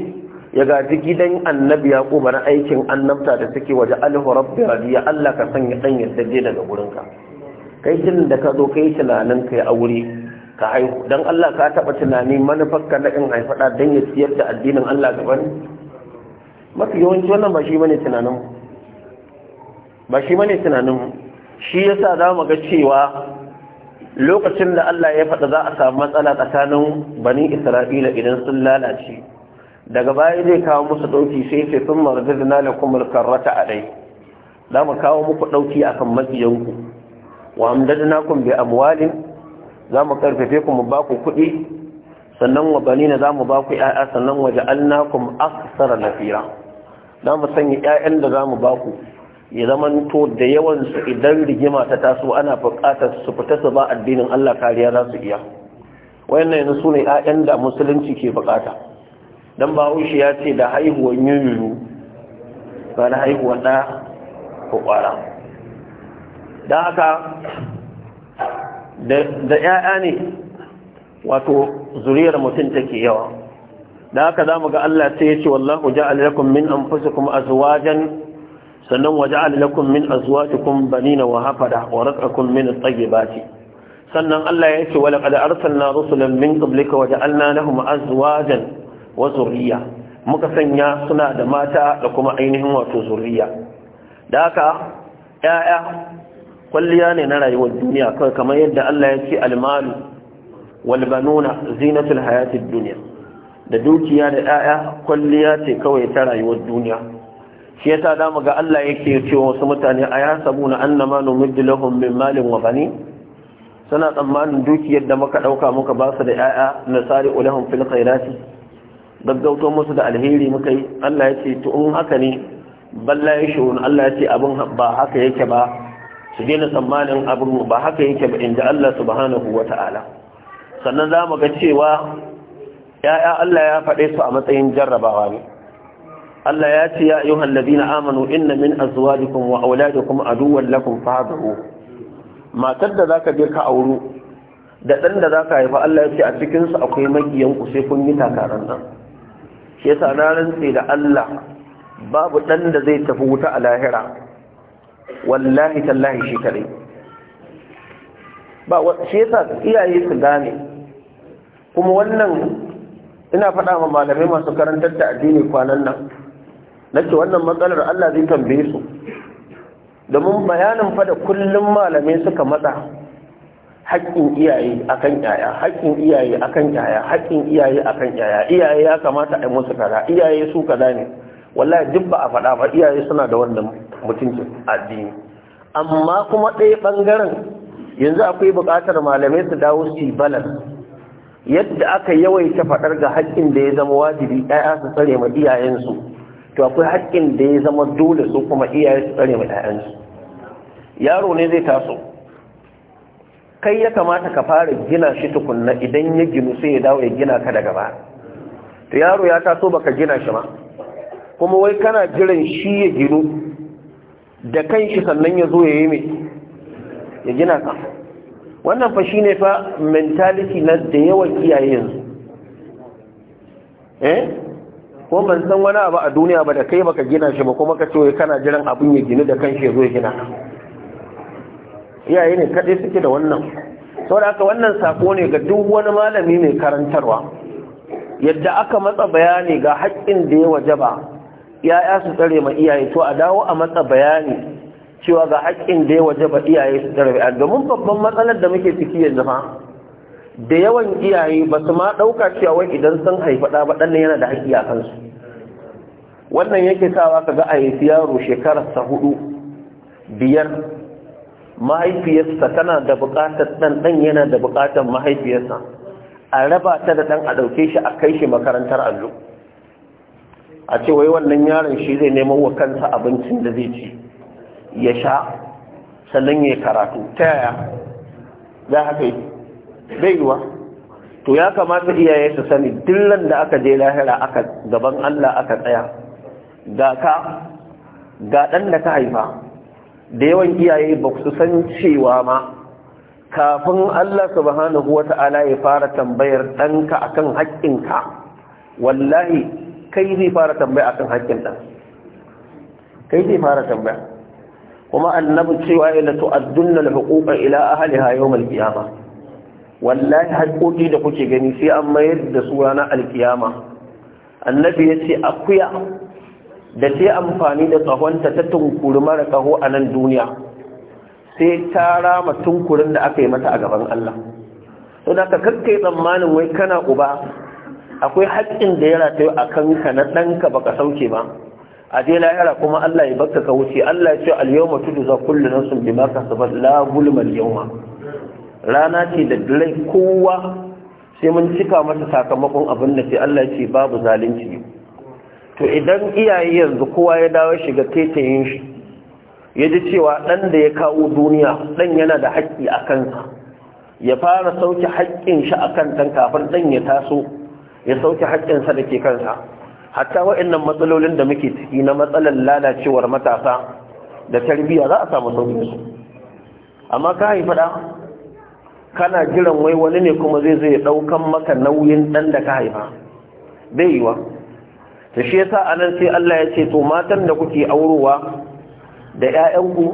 ya gaji gidan annabi yaquba na aikin annabta da suke waje alhu rabbi radiya Allah ka sanya dan yadda je daga gurin ka kai tun da ka zo kai tunanin kai aure ka haihu dan Allah ka taba tunani manufar ka na in haifa da dan ya siyar da addinin Allah gaban mafi yawanci wannan ba shi bane tunanin ba shi bane tunanin shi yasa za mu ga cewa lokacin da Allah ya faɗa za a samu matsala tsakanin bani Isra'ila idan sun lalace daga baya zai kawo musu ɗauki sai sai sun marzirna da kuma karrata a ɗai. za mu kawo muku ɗauki a kan matsiyanku wa amdadna kun bi amwalin za mu karfafe ku mu ba ku kuɗi sannan wa bani na za mu ba ku ƴaƴa sannan wa ja'alnakum aksara nafira za mu sanya ƴaƴan da za mu ba ku ya zaman to da yawan yawansu idan rigima ta taso ana buƙatar su fita su ba addinin Allah kariya za su iya wayannan yanzu su ne 'ya'yan da musulunci ke buƙata dan bahaushe ya ce da haihuwar yuyuru ba da haihuwar da ko ƙwara don haka da 'ya'ya ne wato zuriyar mutum take yawa da haka zamu ga Allah sai ya ce wallahu ja'al lakum min anfusikum azwajan sannan waja'al lakum min azwajikum banina wa hafada wa razaqakum min at-tayyibati sannan Allah ya ce wa laqad arsalna rusulan min qablika wa ja'alna lahum azwajan wa zurriya muka sanya suna da mata da kuma ainihin wato zurriya da haka ƴaƴa kwalliya ne na rayuwar duniya kamar yadda Allah ya ce almalu wal banuna zinatul hayatid dunya da dukiya da ƴaƴa kwalliya ce kawai ta rayuwar duniya shi yasa da mu ga Allah yake cewa wasu mutane a yasabuna annama numiddu lahum min malin wa bani suna tsammanin dukiyar da muka ɗauka muka ba su da yaya nasari ulahum fil khairati gaggauto musu da alheri muka yi Allah ya ce to in haka ne balla ya shawun Allah ya ce abin ba haka yake ba su daina tsammanin abin ba haka yake ba inda Allah subhanahu wata'ala sannan za mu ga cewa ya'ya Allah ya faɗe su a matsayin jarrabawa ne Allah ya ce ya ayyuhal ladina amanu inna min azwajikum wa auladikum aduwwan lakum fahdahu matar da zaka je ka auro da dan da zaka haifa Allah ya ce a cikin su akwai makiyan ku sai kun yi takaran nan shi yasa na rantse da Allah babu dan da zai tafi wuta a lahira wallahi tallahi shi kare ba shi yasa iyaye su gane kuma wannan ina faɗa ma malamai masu karantar da addini kwanan nan nace wannan matsalar Allah zai tambaye su domin bayanin fa da kullum malamai suka matsa haƙƙin iyaye akan yaya haƙƙin iyaye akan yaya haƙƙin iyaye akan yaya iyaye ya kamata a yi musu kaza iyaye su kaza ne wallahi duk ba a faɗa ba iyaye suna da wannan mutuncin addini amma kuma ɗaya ɓangaren yanzu akwai buƙatar malamai su dawo su balan yadda aka yawaita faɗar ga haƙƙin da ya zama wajibi ɗaya su tsare ma iyayensu to akwai haƙƙin da ya zama dole su kuma iyaye su tsare mai 'ya'yansu yaro ne zai taso kai ya kamata ka fara gina shi tukunna idan ya ginu sai ya dawo ya gina ka daga ba to yaro ya taso baka gina shi ma kuma wai kana jiran shi ya ginu da kan shi sannan ya zo ya yi ya gina ka wannan fa shi ne fa mentality na da yawan iyaye yanzu eh ko ban san wani abu a duniya ba da kai baka gina shi ba kuma ka ce kana jiran abin ya gini da kanshi ya zo gina iyaye ne kaɗai suke da wannan da haka wannan sako ne ga duk wani malami mai karantarwa yadda aka matsa bayani ga haƙƙin da ya wajaba ya su tsare ma iyaye to a dawo a matsa bayani cewa ga haƙƙin da ya wajaba iyaye su tsare domin babban matsalar da muke ciki yanzu ma. da yawan iyaye ba su ma ɗauka cewa wai idan sun haifi ɗa ba ɗannan yana da haƙƙi a kansu wannan yake sawa ka ga a haifi yaro sa hudu biyar mahaifiyarsa tana da buƙatar ɗan ɗan yana da buƙatar mahaifiyarsa a raba ta da ɗan a ɗauke shi a kai shi makarantar allo a ce wai wannan yaron shi zai neman wa kansa abincin da zai ci ya sha sannan ya karatu ta yaya za haka yi bai yiwa to ya kamata iyaye su sani dillan da aka je lahira aka gaban Allah aka tsaya ga ka ga dan da ka haifa da yawan iyaye ba su san cewa ma kafin Allah subhanahu wata'ala ya fara tambayar ɗanka akan haƙƙinka wallahi kai zai fara tambaya akan haƙƙin ɗan kai zai fara tambaya kuma annabi cewa ila tu'addunna al-huquqa ila ahliha yawm al-qiyamah wallahi haƙoƙi da kuke gani sai an mayar da su ranar alkiyama annabi ya ce akuya da ta amfani da tsahonta ta tunkuri mara kaho a nan duniya sai ta rama tunkurin da aka yi mata a gaban Allah to da ka kakkai tsammanin wai kana uba akwai haƙƙin da ya rataye a kanka na ɗanka baka sauke ba a je lahira kuma Allah ya baka ka wuce Allah ya ce al-yawma tujza kullu nafsin bima kasabat la zulma al-yawma rana ce da dare kowa sai mun cika masa sakamakon abin da sai Allah ce babu zalunci to idan iyaye yanzu kowa ya dawo shiga taitayin shi ya ji cewa ɗan da ya kawo duniya ɗan yana da haƙƙi a kansa ya fara sauke haƙƙin shi a kan ɗan kafin ɗan ya taso ya sauke haƙƙinsa da ke kansa hatta waɗannan matsalolin da muke ciki na matsalar lalacewar matasa da tarbiyya za a samu sauƙi amma ka haifa da. kana jiran wai wani ne kuma zai zai daukan maka nauyin dan da ka haifa bai yiwa ta shi yasa anan sai Allah ya ce to matan da kuke aurowa da ku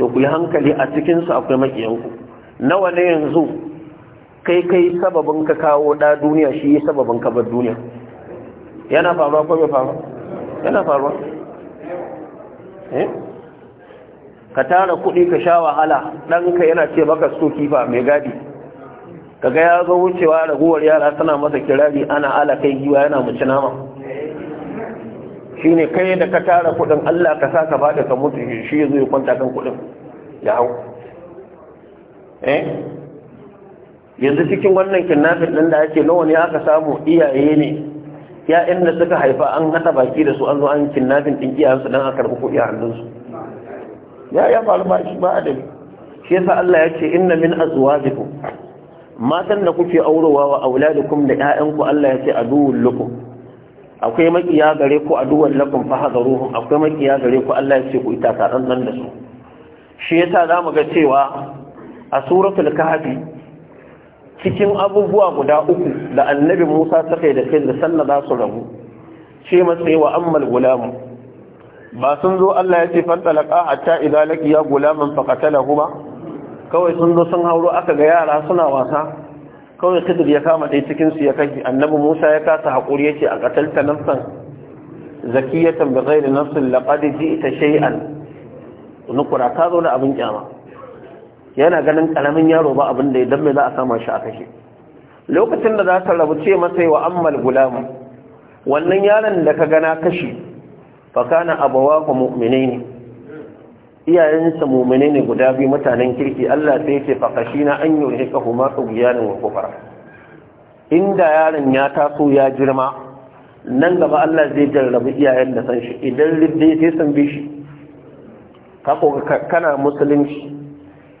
to ku yi hankali a cikin su akwai makiyanku nawa ne yanzu kai kai sababin ka kawo da duniya shi sababin ka bar duniya yana faruwa ko bai faruwa yana faruwa eh ka tara kuɗi ka sha wahala ɗanka yana ce baka so kifa mai gadi Ka ga ya zo wucewa raguwar yara suna masa kirari ana ala kai giwa yana muci nama shine kai da ka tara kuɗin Allah ka sa ka bada ka mutu shi ya zo ya kwanta kan kuɗin ya hau eh? yanzu cikin wannan kinnafin ɗin da ake nawa ne aka samu iyaye ne ya'yan da suka haifa an haɗa baki da su an zo an kinnafin ɗin iyayensu don a karɓi kuɗi a hannunsu ya ya faru ba shi ba adami shi yasa Allah ya ce inna min azwajikum matan da kuke aurewa wa auladukum da ƴaƴanku Allah ya ce aduwwul lakum akwai makiya gare ku aduwwul lakum fahadaruhum akwai makiya gare ku Allah ya ce ku ita tsaran nan da su shi yasa zamu ga cewa a suratul kahfi cikin abubuwa guda uku da annabi Musa ta kai da kai da sallah za su rabu ce matsayi wa ammal gulamu ba sun zo Allah ya ce fantalaka hatta idza ya gulaman faqatalahu ba kawai sun zo sun hauro aka ga yara suna wasa kawai kidir ya kama ɗaya cikin su ya kashi annabi Musa ya kasa hakuri yace a qatalta nafsan zakiyatan bi ghairi nafsin laqad ji'ta shay'an nukura ka zo da abin kyama yana ganin karamin yaro ba abin da ya dan za a sama shi a kashe lokacin da za ta rabu ce masa wa ammal gulamu wannan yaron da ka gana kashi fakana abawa ku mu'minai ne iyayensa mu'minai ne guda biyu mutanen kirki Allah sai ce fakashi na an yi rika huma tsugiyanin wa kufara inda yaron ya taso ya girma nan gaba Allah zai jarrabu iyayen da san shi idan ridde sai san bi shi ka kana musulunci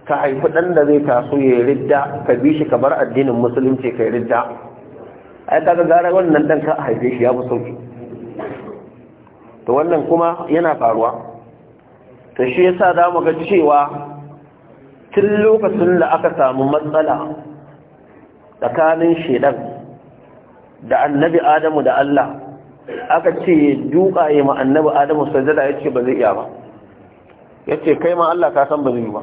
ka haifi dan da zai taso ya ridda ka bi shi ka bar addinin musulunci ka ridda ai kaga gara wannan dan ka haife shi ya fi to wannan kuma yana faruwa Ta shi yasa za mu ga cewa tun lokacin da aka samu matsala tsakanin shedan da annabi adamu da Allah aka ce duka yi ma annabi adamu sajada ya ce ba zai iya ba ya ce kai ma Allah ka san ba zai ba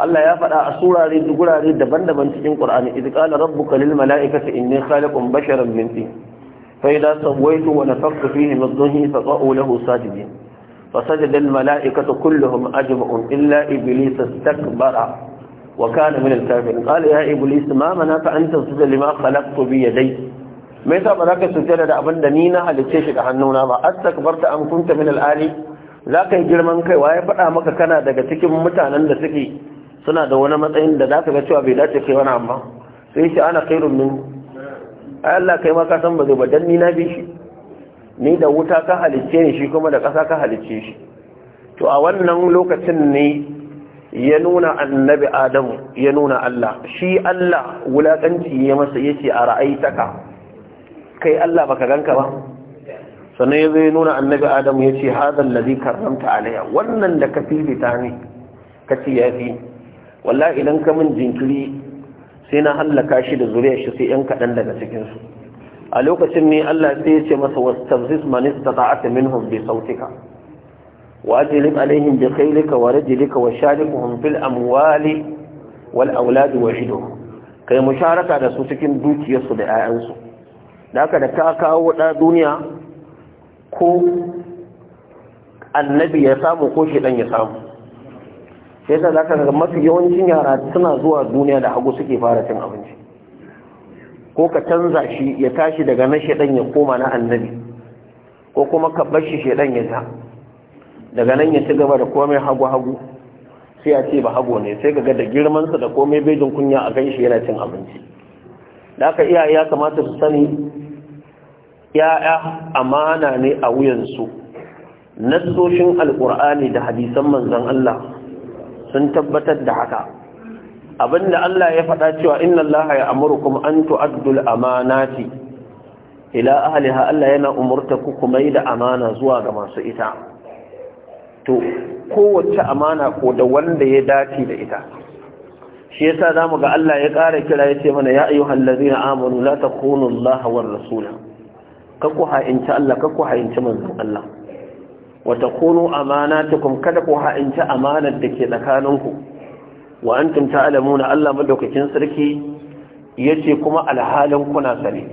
Allah ya faɗa a surare gurare daban-daban cikin Ƙur'ani, idh qala rabbuka lil mala'ikati inni khaliqun basharan min tin فإذا سويت ونفقت فيه من ظهري فقعوا له ساجدين فسجد الملائكة كلهم أجمعون إلا إبليس استكبر وكان من الكافرين قال يا إبليس ما منعك أن تسجد لما خلقت بيدي ما يتابع لك سجد لأبن دنينا لتشك عنونا ما أستكبرت أم كنت من الآلي za ka yi girman kai waye faɗa maka kana daga cikin mutanen da suke suna da wani matsayin da za ka ga cewa bai dace kai wani amma sai shi ana khairun min ai Allah kai ma ka san ba zai ba ni na bi shi ni da wuta ka halicce ni shi kuma da ƙasa ka halicce shi to a wannan lokacin ne ya nuna annabi Adam ya nuna Allah shi Allah wulaƙanci ya masa a ra'aitaka kai Allah baka ganka ba sannan ya zai nuna annabi Adam ya ce hadan ladhi karramta alayya wannan da ka fi ne ka ce ya fi wallahi idan ka min jinkiri sai na hallaka shi da zuriyar shi sai yan kaɗan daga cikinsu a lokacin ne Allah sai ya ce masa wastafzis man istata'ata minhum bi sautika wa ajlib alaihim bi khaylika wa rajlika wa sharikuhum fil amwali wal aulad wa shidhum kai musharaka da su cikin dukiyarsu da 'ya'yansu da haka da ka kawo da duniya ko annabi ya samu ko shi dan ya samu sai yasa zaka ga mafi yawancin yara suna zuwa duniya da hagu suke fara cin abinci ko ka canza shi ya tashi daga na shaidan ya koma na annabi ko kuma ka bar shi shaidan ya ta daga nan ya ci gaba da komai hagu hagu sai a ce ba hago ne sai ga da girmansa da komai bejin kunya a gan shi yana cin abinci da aka iya ya kamata su sani ya'ya amana ne a wuyansu nassoshin alkur'ani da hadisan manzon Allah sun tabbatar da haka abinda Allah ya faɗa cewa inna Allah ya amurkum an tu'addul amanati ila ahliha Allah yana umurta ku mai da amana zuwa ga masu ita to kowace amana ko da wanda ya dace da ita shi yasa zamu ga Allah ya ƙara kira yace mana ya ayyuhal ladzina amanu la takunu Allah war rasula kaku ha'inci Allah kaku ha'inci manzon Allah wata kunu kuma kada ku ha'inci amanar da ke tsakaninku wa antum na Allah madaukakin sarki yace kuma alhalin kuna sani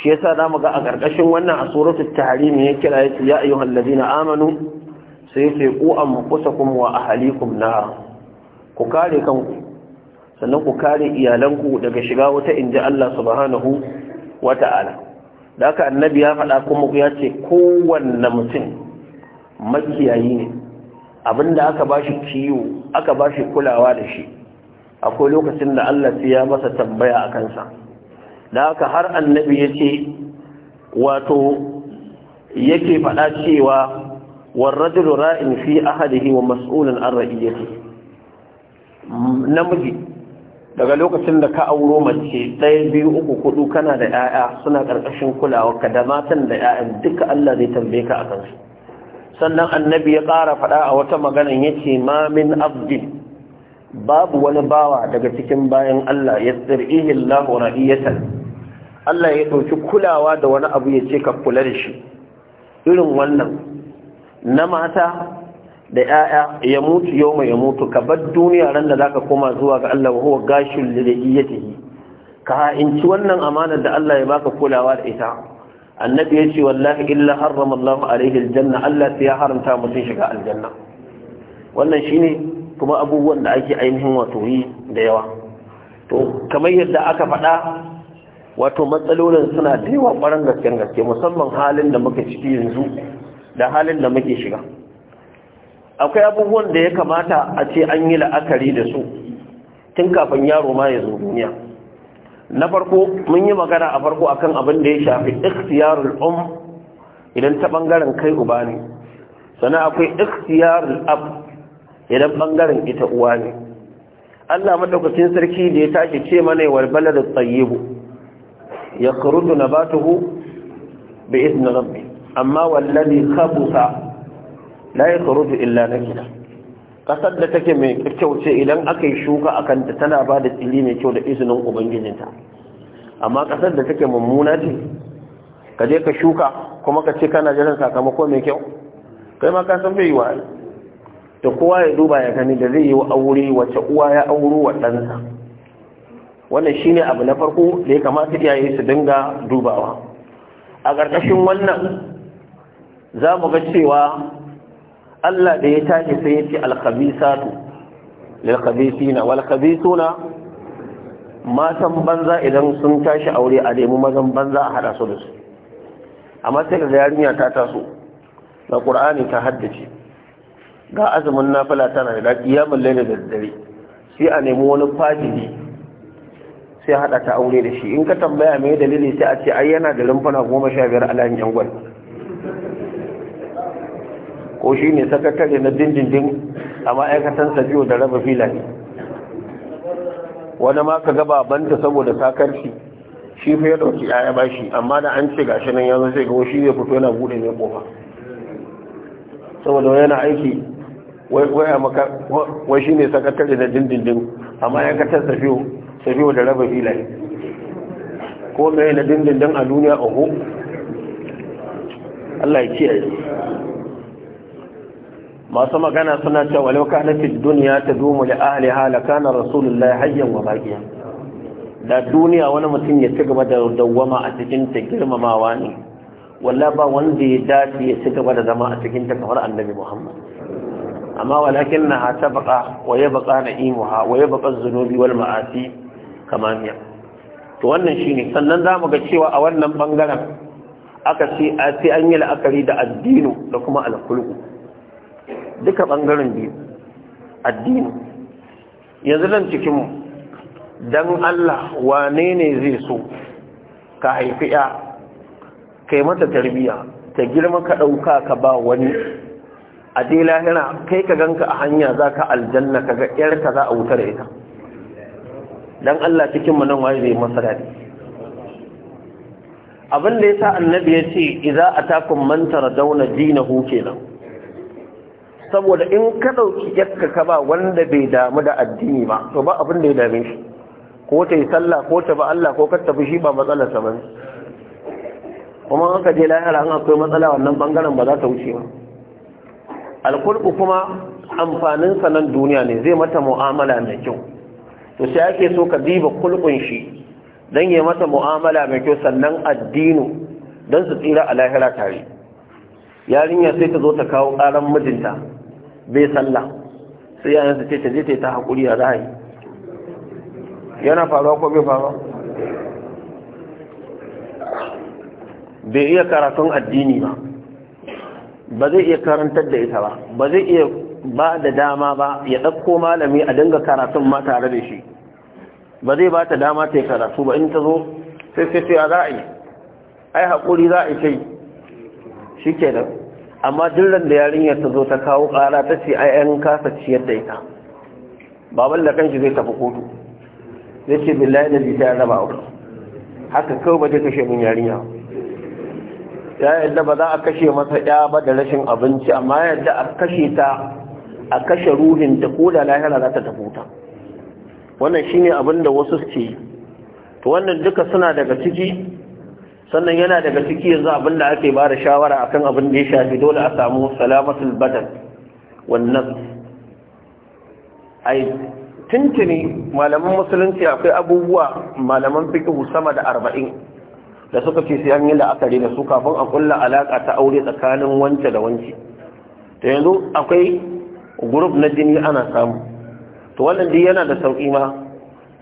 shi yasa zamu ga a ƙarƙashin wannan a suratul tahrim ya kira yace ya ayyuhal ladina amanu sai yace ku kuma wa ahalikum na? ku kare kanku sannan ku kare iyalanku daga shiga wata inda Allah subhanahu Ta'ala. da aka annabi ya faɗa kuma ya ce kowanne mutum makiyayi ne abinda aka bashi kiwo aka bashi kulawa da shi akwai lokacin da Allah sai ya masa tambaya a kansa da haka har annabi ya ce wato yake faɗa cewa warrajulu ra'in fi ahadihi wa mas'ulun an ra'iyati namiji daga lokacin da ka auro mace ɗaya biyu uku kudu kana da 'ya'ya suna ƙarƙashin kulawa ka da matan da 'ya'yan duka Allah zai tambaye ka a kansu sannan annabi ya ƙara faɗa a wata maganan ya ce ma abdin babu wani bawa daga cikin bayan Allah ya tsir'ihi Allah ra'iyatan Allah ya ɗauki kulawa da wani abu ya ce ka kula da shi irin wannan na mata da ‘ya'ya ya mutu yau mai ya mutu ka bar duniya ran da za ka koma zuwa ga Allah wa huwa gashin lirayyatihi ka ha'inci wannan amanar da Allah ya baka kulawa da ita annabi ya ce wallahi illa harrama Allah alaihi aljanna Allah sai ya haramta mutum shiga aljanna wannan shine kuma abubuwan da ake ainihin wato yi da yawa to kamar yadda aka faɗa wato matsalolin suna da yawa ƙwarar gaske gaske musamman halin da muke ciki yanzu da halin da muke shiga akwai abubuwan da ya kamata a ce an yi la'akari da su tun kafin yaro ma ya zo duniya na farko mun yi magana a farko akan abin da ya shafi ikhtiyarul um idan ta bangaren kai uba ne sannan akwai ikhtiyarul ab idan bangaren ita uwa ne Allah madaukakin sarki da ya tashi ce mana wal baladu tayyib yakhruju nabatuhu bi idni rabbi amma ladhi khabutha la yakhruju illa nakira ƙasar da take mai kyau ce idan aka yi shuka a kanta tana ba da tsili mai kyau da izinin ubangijinta amma ƙasar da take mummuna ce ka je ka shuka kuma ka ce kana jiran sakamako mai kyau kai ma ka san bai yi wa da kowa ya duba ya gani da zai yi wa aure wacce uwa ya auro wa ɗansa wannan shine abu na farko da ya kamata iyaye su dinga dubawa a ƙarƙashin wannan za mu ga cewa Allah da ya tashi sai ya ce alkhabisatu lilkhabisina walkhabisuna matan banza idan sun tashi aure a nemi mazan banza a hada su da su amma sai da yarinya ta taso da qur'ani ta haddace ga azumin nafila tana da kiyamul laili da dare sai a nemi wani fajiri sai hada ta aure da shi in ka tambaya me dalili sai a ce ai yana da rumfuna 15 a layin yan gwal ko shi ne sakatare na dindindin a ma'aikatan sabiyo da raba filani wani ma ka gaba banta saboda sakarci shi fa ya dauki ya ba shi amma da an ce gashi nan yanzu sai ga shi ne fito yana bude mai kofa saboda yana aiki wai shi ne sakatare na dindindin amma ma'aikatan katar safiyo da raba filaye ko mai na dindindin a duniya oho Allah ya kiyaye masu magana suna cewa walau kana fi duniya ta dumu li ahli halakana rasulullahi hayyan wa baqiyan da duniya wani mutum ya ci gaba da dawwama a cikin ta girmamawa ne wallahi ba wanda ya dace ya ci gaba da zama a cikin ta kamar annabi Muhammad amma walakin na ta baka wa ya baka na imuha wa ya baka zunubi wal ma'asi kamamiya to wannan shine sannan za mu ga cewa a wannan bangaren aka ce a an yi la'akari da addinu da kuma alkulku duka ɓangaren biyu addini yanzu nan cikinmu don Allah wane ne zai so ka haifi ya kai mata tarbiya ta girma ka ɗauka ka ba wani a dai lahira kai ka ganka a hanya za ka aljanna ka ga yarka za a wutar ita don Allah cikinmu nan waye zai masa daɗi abin da ya sa annabi ya ce iza a takun mantara dauna dinahu kenan saboda in ka ɗauki yadda ka ba wanda bai damu da addini ba to ba abin da ya dame shi ko ta yi sallah ko ta ba Allah ko ka tafi shi ba sa ba kuma ka je lahira an akwai matsala wannan bangaren ba za ta wuce ba alkulku kuma sa nan duniya ne zai mata mu'amala mai kyau to sai ake so ka diba kulkun shi don yi mata mu'amala mai kyau sannan addinu don su tsira a lahira tare yarinya sai ta zo ta kawo ƙaran mijinta bai sallah sai yana su ce ta je ta yi ta haƙuri a za yana faruwa ko bai faruwa bai iya karatun addini ba ba zai iya karantar da ita ba ba zai iya ba da dama ba ya ɗauko malami a dinga karatun ma tare da shi ba zai ba ta dama ta yi karatu ba in ta zo sai sai sai a za a yi ai haƙuri za a yi sai shi ke da amma duk da yarinyar ta zo ta kawo ƙara ta ce ai an kasa ciyar da ita baban da kanshi zai tafi kotu zai ce billahi da ya raba aure haka kawai ba zai kashe min yarinya ya yadda ba za a kashe masa ya ba da rashin abinci amma yadda a kashe ta a kashe ruhin ta ko da lahira za ta tafi ta wannan shine abin da wasu ke to wannan duka suna daga ciki sannan yana daga ciki yanzu abin da ake ba da shawara akan abin da ya shafi dole a samu salamatul badan wannan ai tuntuni malaman musulunci akwai abubuwa malaman fiqh sama da arba'in da suka ce sai an yi la'akari da su kafin a kulla alaka ta aure tsakanin wance da wance to yanzu akwai group na jini ana samu to wannan dai yana da sauki ma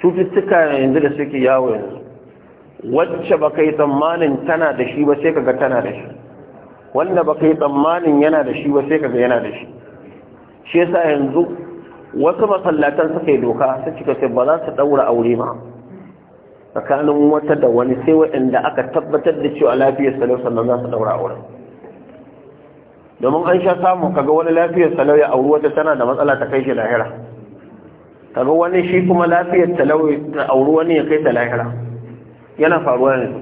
cututtuka yanzu da suke yawo yanzu wacce baka yi tsammanin tana da shi ba sai kaga tana da shi wanda baka yi tsammanin yana da shi ba sai kaga yana da shi shi yasa yanzu wasu masallatan suka yi doka su cika sai ba za su daura aure ma tsakanin wata da wani sai waɗanda aka tabbatar da cewa lafiyar salau sannan za su daura aure domin an sha samu kaga wani lafiyar salau ya auri wata tana da matsala ta kai shi lahira kaga wani shi kuma lafiyar salau ta auri wani ya kai ta lahira yana faruwa yanzu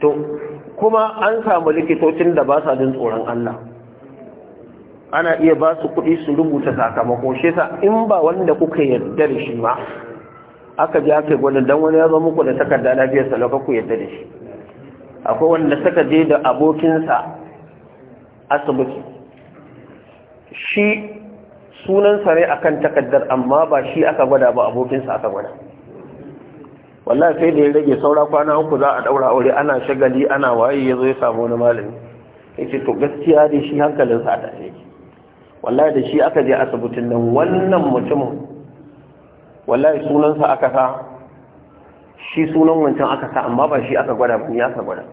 to kuma an samu likitocin da ba sa jin tsoron Allah ana iya ba su kuɗi su rubuta sakamako shi sa in ba wanda kuka yarda da shi ma aka ji aka gwada dan wani ya zo muku da takarda lafiyar sa lokaku yarda da shi akwai wanda suka je da abokinsa asibiti shi sunan sare akan takardar amma ba shi aka gwada ba abokinsa aka gwada wallahi sai da ya rage saura kwana uku za a daura aure ana shagali ana waye ya zo ya samu wani malami Yace to gaskiya dai shi sa da yake wallahi da shi aka je asibitin nan wannan mutumin wallahi sunansa aka sa shi sunan wancan aka sa amma ba shi aka gwada ba ya aka gwada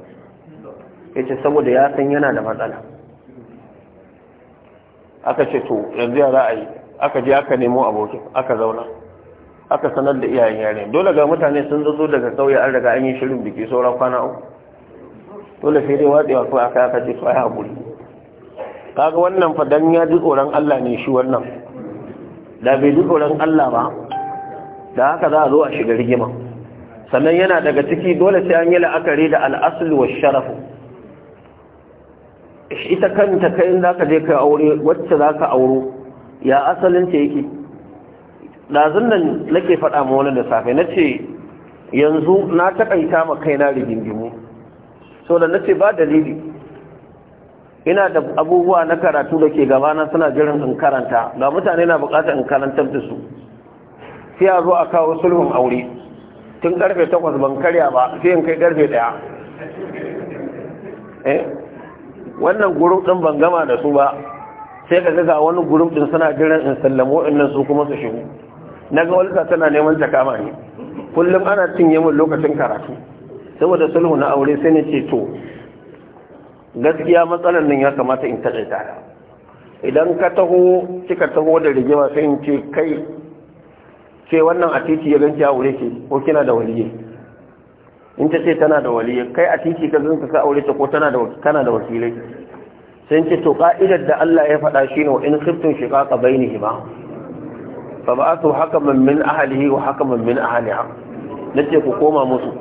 Yace saboda ya san yana da matsala aka ce to yanzu ya za a yi aka je aka nemo abokin aka zauna aka sanar da iyayen yaren dole ga mutane sun zo daga kauye an riga an yi shirin biki sauran kwana uku dole sai dai watsewa ko aka aka ce sai hakuri kaga wannan fa dan ya ji tsoron Allah ne shi wannan da bai ji tsoron Allah ba da haka za a zo a shiga rigima sannan yana daga ciki dole sai an yi la'akari da al'aslu wa sharafu ita kanta kai in ka je kai aure wacce zaka auro ya asalin ta yake ɗazun nan nake faɗa ma wani da safe na ce yanzu na taƙaita ma kaina rigingimu so da na ce ba dalili ina da abubuwa na karatu da ke gabana suna jiran in karanta ga mutane na buƙatar in karanta da su sai a zo a kawo sulhun aure tun karfe takwas ban karya ba sai in kai karfe ɗaya eh? wannan gurup ɗin ban gama da su ba sai ka ga wani gurup ɗin suna jiran in sallamo waɗannan su kuma su shigo na ga walisa tana neman ta kama ne kullum ana cinye mun lokacin karatu saboda sulhu na aure sai na ce to gaskiya matsalar nan ya kamata in taɗa ta idan ka taho kika taho da rigima sai in ce kai ce wannan a titi ya ganci aure ce ko kina da waliye in ta ce tana da waliye kai a titi ka zan ka aure ta ko tana da kana da wakilai sai in ce to ka'idar da Allah ya faɗa shi ne wa in khiftum shiqaqa bainihima fa ba'athu haka min ahlihi wa hakaman min na ce ku koma musu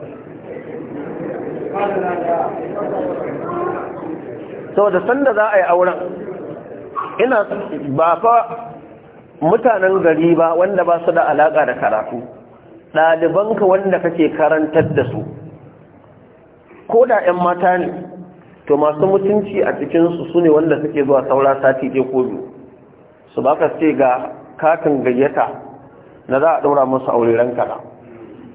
saboda sanda za a yi auren ina ba fa mutanen gari ba wanda ba su da alaka da karatu ɗalibanka wanda kake karantar da su ko da 'yan mata ne to masu mutunci a cikinsu su ne wanda suke zuwa saura sati ko biyu su baka ce ga katin gayyata na za a ɗaura musu aure kada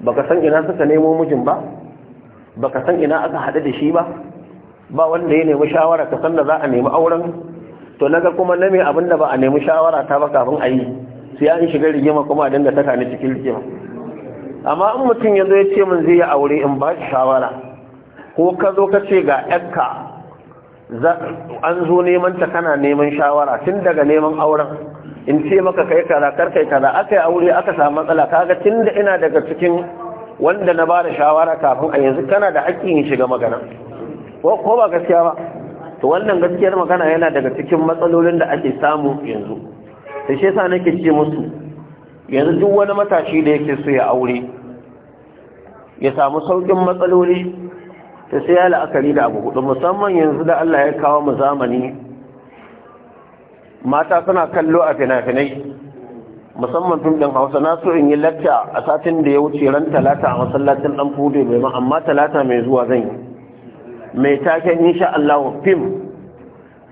ba ka san ina suka nemo mijin ba Ba ka san ina aka haɗu da shi ba ba wanda ya nemi shawara ka san da za a nemi auren to naga kuma na mai abin da ba a nemi shawara ta ba kafin a yi su sai an shiga rigima kuma a dinga taka ni cikin rigima amma in mutum ya zo ya ce min zai yi aure in ba shi shawara ko ka zo ka ce ga yakka an zo neman ta kana neman shawara tun daga neman auren in ce maka kai kaza kar kai kaza akai aure aka samu matsala kaga tunda ina daga cikin wanda na ba da shawara kafin a yanzu kana da haƙƙin yin shiga magana ko ba gaskiya ba to wannan gaskiyar magana yana daga cikin matsalolin da ake samu yanzu da shi yasa nake ce musu yanzu duk wani matashi da yake so ya aure ya samu saukin matsaloli ta sai ya la'akari da abu hudu musamman yanzu da Allah ya kawo mu zamani mata suna kallo a fina-finai musamman tun ɗin hausa na so in yi lacca a satin da ya wuce ran talata a masallacin ɗan fude mai ma amma talata mai zuwa zan yi mai taken insha Allah fim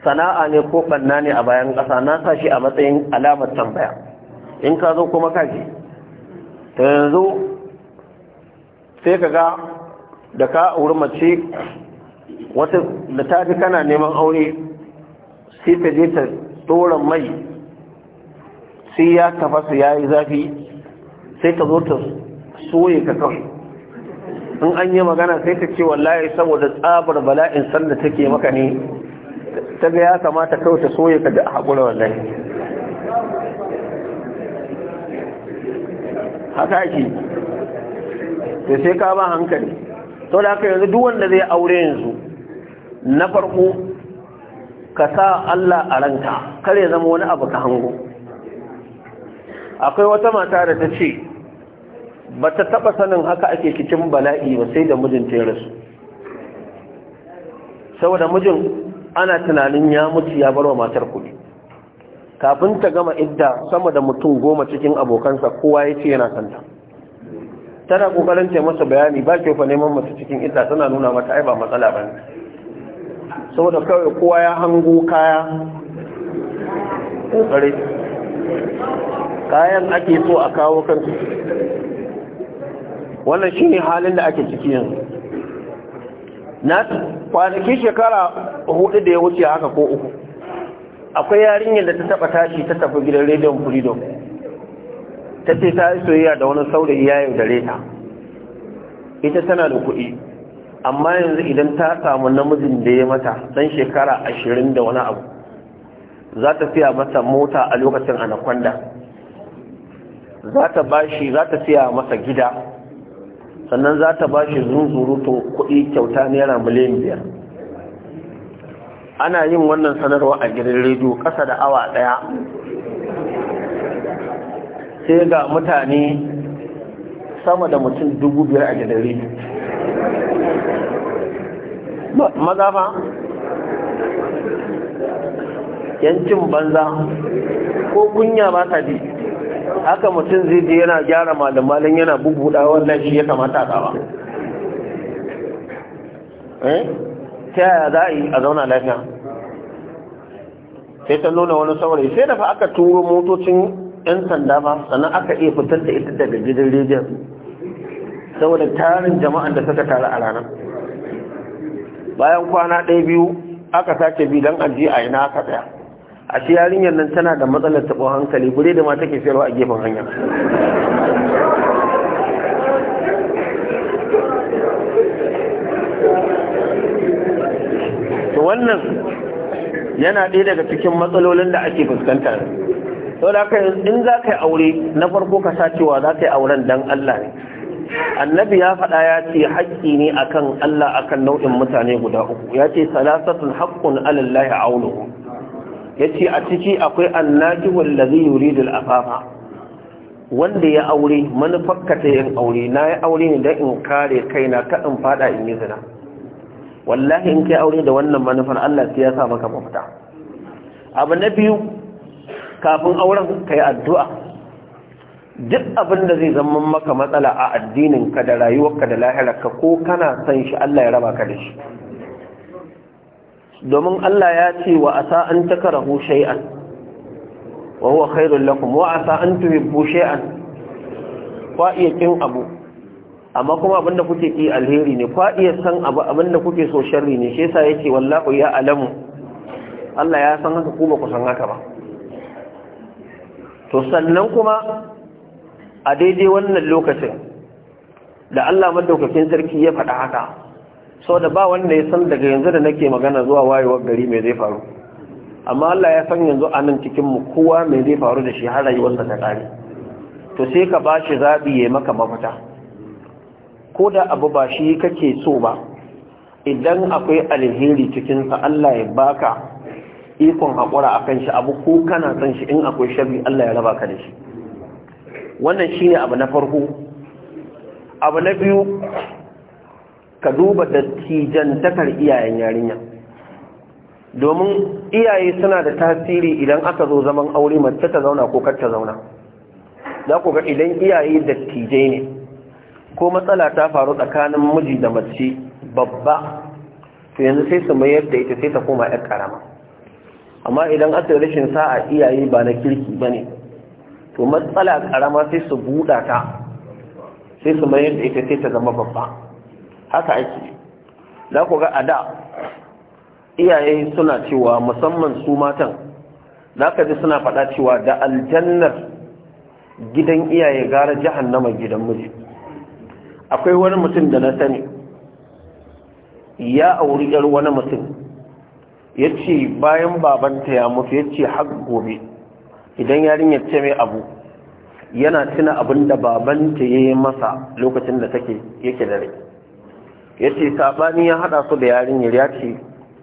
sana'a ne ko ɓanna ne a bayan ƙasa na sa shi a matsayin alamar tambaya in ka zo kuma ka ji ta yanzu sai ka ga da ka auri mace wata da ta fi kana neman aure sai ta je Tsoron mai sai ya tafasa ya yi zafi sai ta zo ta soye ka kawai in an yi magana sai ta ce wallahi saboda tsabar bala'in sanda take maka ne ta ga ya kamata kawai ta soye ka da haƙura wallahi haka ake da sai ka ba hankali sau da haka yanzu duwanda zai aure yanzu na farko ka sa Allah a ranka kar ya zama wani abu ka hango akwai wata mata da ta ce ba ta taɓa sanin haka ake cikin bala'i ba sai da mijinta ya rasu saboda mijin ana tunanin ya mutu ya bar wa matar kuɗi kafin ta gama idda sama da mutum goma cikin abokansa kowa ya ce yana santa tana ƙoƙarin ce masa bayani ba ke fa neman mace cikin idda tana nuna mata ai ba matsala ba ne saboda kawai kowa ya hango kaya kare. kayan ake so a kawo kan wannan shi ne halin da ake ciki yanzu na kwanaki shekara hudu da ya wuce haka ko uku akwai yarinyar da ta taba tashi ta tafi gidan rediyon freedom ta ce ta yi soyayya da wani saurayi ya yaudare ta ita tana da kuɗi amma yanzu idan ta samu namijin da ya mata dan shekara ashirin da wani abu za ta siya masa mota a lokacin anakwanda za ta bashi za ta siya masa gida sannan za ta bashi zunzuruto kuɗi kyauta naira miliyan biyar ana yin wannan sanarwa a gidan rediyo kasa da awa ɗaya sai ga mutane sama da mutum dubu biyar a gidan rediyo maza fa yancin banza ko kunya ba ta ji haka mutum zai je yana gyara malamalin yana bubuɗa wannan shi ya kamata a tsawa eh? ta yaya za a yi a zauna lafiya sai ta nuna wani saurayi sai da fa aka turo motocin 'yan sanda ba sannan aka iya fitar da ita daga gidan rediyon saboda tarin jama'an da suka taru a ranar bayan kwana ɗaya biyu aka sake bi don aji a ina aka tsaya a shi yarinyar nan tana da matsalar taɓon hankali gure da ma take sayarwa a gefen hanya wannan yana ɗaya daga cikin matsalolin da ake fuskanta sau da aka yi in za ka yi aure na farko ka sa cewa za ka yi auren don Allah ne annabi ya faɗa ya ce haƙƙi ne akan Allah akan nau'in mutane guda uku ya ce salasatun haƙƙun alallahi aunuhu ya ce a ciki akwai annaki wallazi da al'afafa wanda ya aure manufarka ta yin aure na ya aure ne don in kare kaina ka in fada in yi zina wallahi in kai aure da wannan manufar Allah sai ya sa maka mafita abu na biyu kafin auren ka yi addu'a duk abin da zai zama maka matsala a addininka da rayuwarka da lahirarka ko kana san shi Allah ya raba ka da shi domin Allah ya ce wa asa an takarahu shay'an wa huwa khairul lakum wa asa an tuhibbu shay'an Kwa iya kin abu amma kuma abinda kuke ki alheri ne kwa iya san abu abinda kuke so sharri ne shi yasa ce wallahu ya alamu Allah ya san haka kuma ku san haka ba to sannan kuma a daidai wannan lokacin da Allah madaukakin sarki ya faɗa haka sau da ba wanda ya san daga yanzu da nake magana zuwa wayewar gari mai zai faru amma Allah ya san yanzu a nan cikinmu kowa mai zai faru da shi har rayuwarsa ta ƙare to sai ka ba shi zaɓi ya maka mafita ko da abu ba shi kake so ba idan akwai alheri cikinsa Allah ya baka ikon haƙura a kan shi abu ko kana san shi in akwai shabi, Allah ya raba ka da shi wannan shi ne abu na farko abu na biyu ka duba dattijantakar iyayen yarinya domin iyaye suna da tasiri idan aka zo zaman aure mace ta zauna ko kar ta zauna za ku ga idan iyaye dattijai ne ko matsala ta faru tsakanin miji da mace babba to yanzu sai su mayar da ita sai ta koma yar karama amma idan aka rashin sa'a iyaye ba na kirki ba ne to matsala karama sai su buɗa ta sai su mayar da ita sai ta zama babba haka ake za ku ga a da iyaye suna cewa musamman su matan za ka ji suna faɗa cewa da aljannar gidan iyaye gara jahannama gidan miji akwai wani mutum da na sani ya auri yar wani mutum ya ce bayan babanta ya mutu ya ce har gobe idan yarinyar ce mai abu yana tuna abin da babanta ya yi masa lokacin da take yake da rai ya ce saɓani ya haɗa su da yarinyar ya ce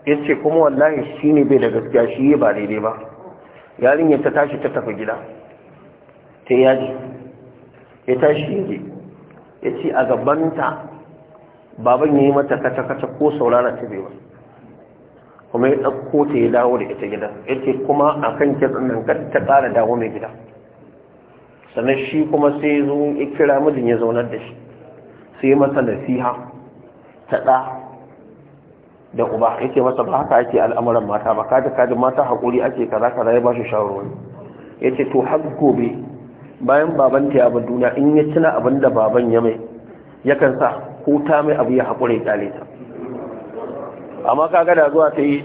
ya ce kuma wallahi shi ne bai da gaskiya shi yi ba daidai ba yarinyar ta tashi ta tafi gida ta yaji ya tashi yaje ya ce a gabanta baban ya yi mata kaca-kaca ko saurara ta bai kuma ya ɗauko ta ya dawo da ita gida ya ce kuma a kan kitsin nan kar ta ƙara dawo mai gida sannan shi kuma sai zo ya kira mijin ya zaunar da shi sai masa nasiha ta ɗa da uba yake masa ba haka ake al'amuran mata ba kaji kaji mata haƙuri ake kaza kaza ya ba shi shawarwari ya ce to har gobe bayan baban ta bar duniya in ya cina abin da baban ya mai yakan sa ko ta mai abu ya haƙure ƙyale ta amma kaga da zuwa ta yi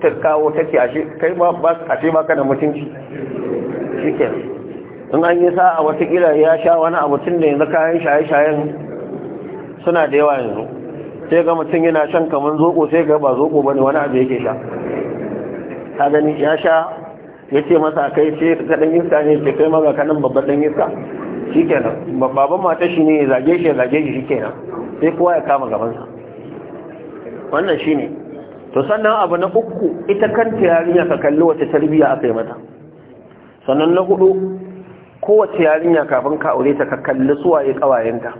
ta kawo ta ce ashe kai ma ba ashe maka da mutunci shike in an yi sa'a watakila ya sha wani abu tun da yanzu kayan shaye-shayen suna da yawa yanzu sai ga mutum yana shan kamar zoko sai ga ba zoko ne wani abu yake sha ta gani ya sha ya ce masa kai ce ta ɗan iska ne ke kai maga kanan babban ɗan iska shikenan babban mata shi ne zage shi zage shi kenan. sai kowa ya kama gabansa wannan shi ne. to sannan abu na uku ita kanta yarinya ka kalli wace tarbiyya aka yi mata sannan na hudu kowace yarinya kafin ka aure ta ka kalli ya kawayenta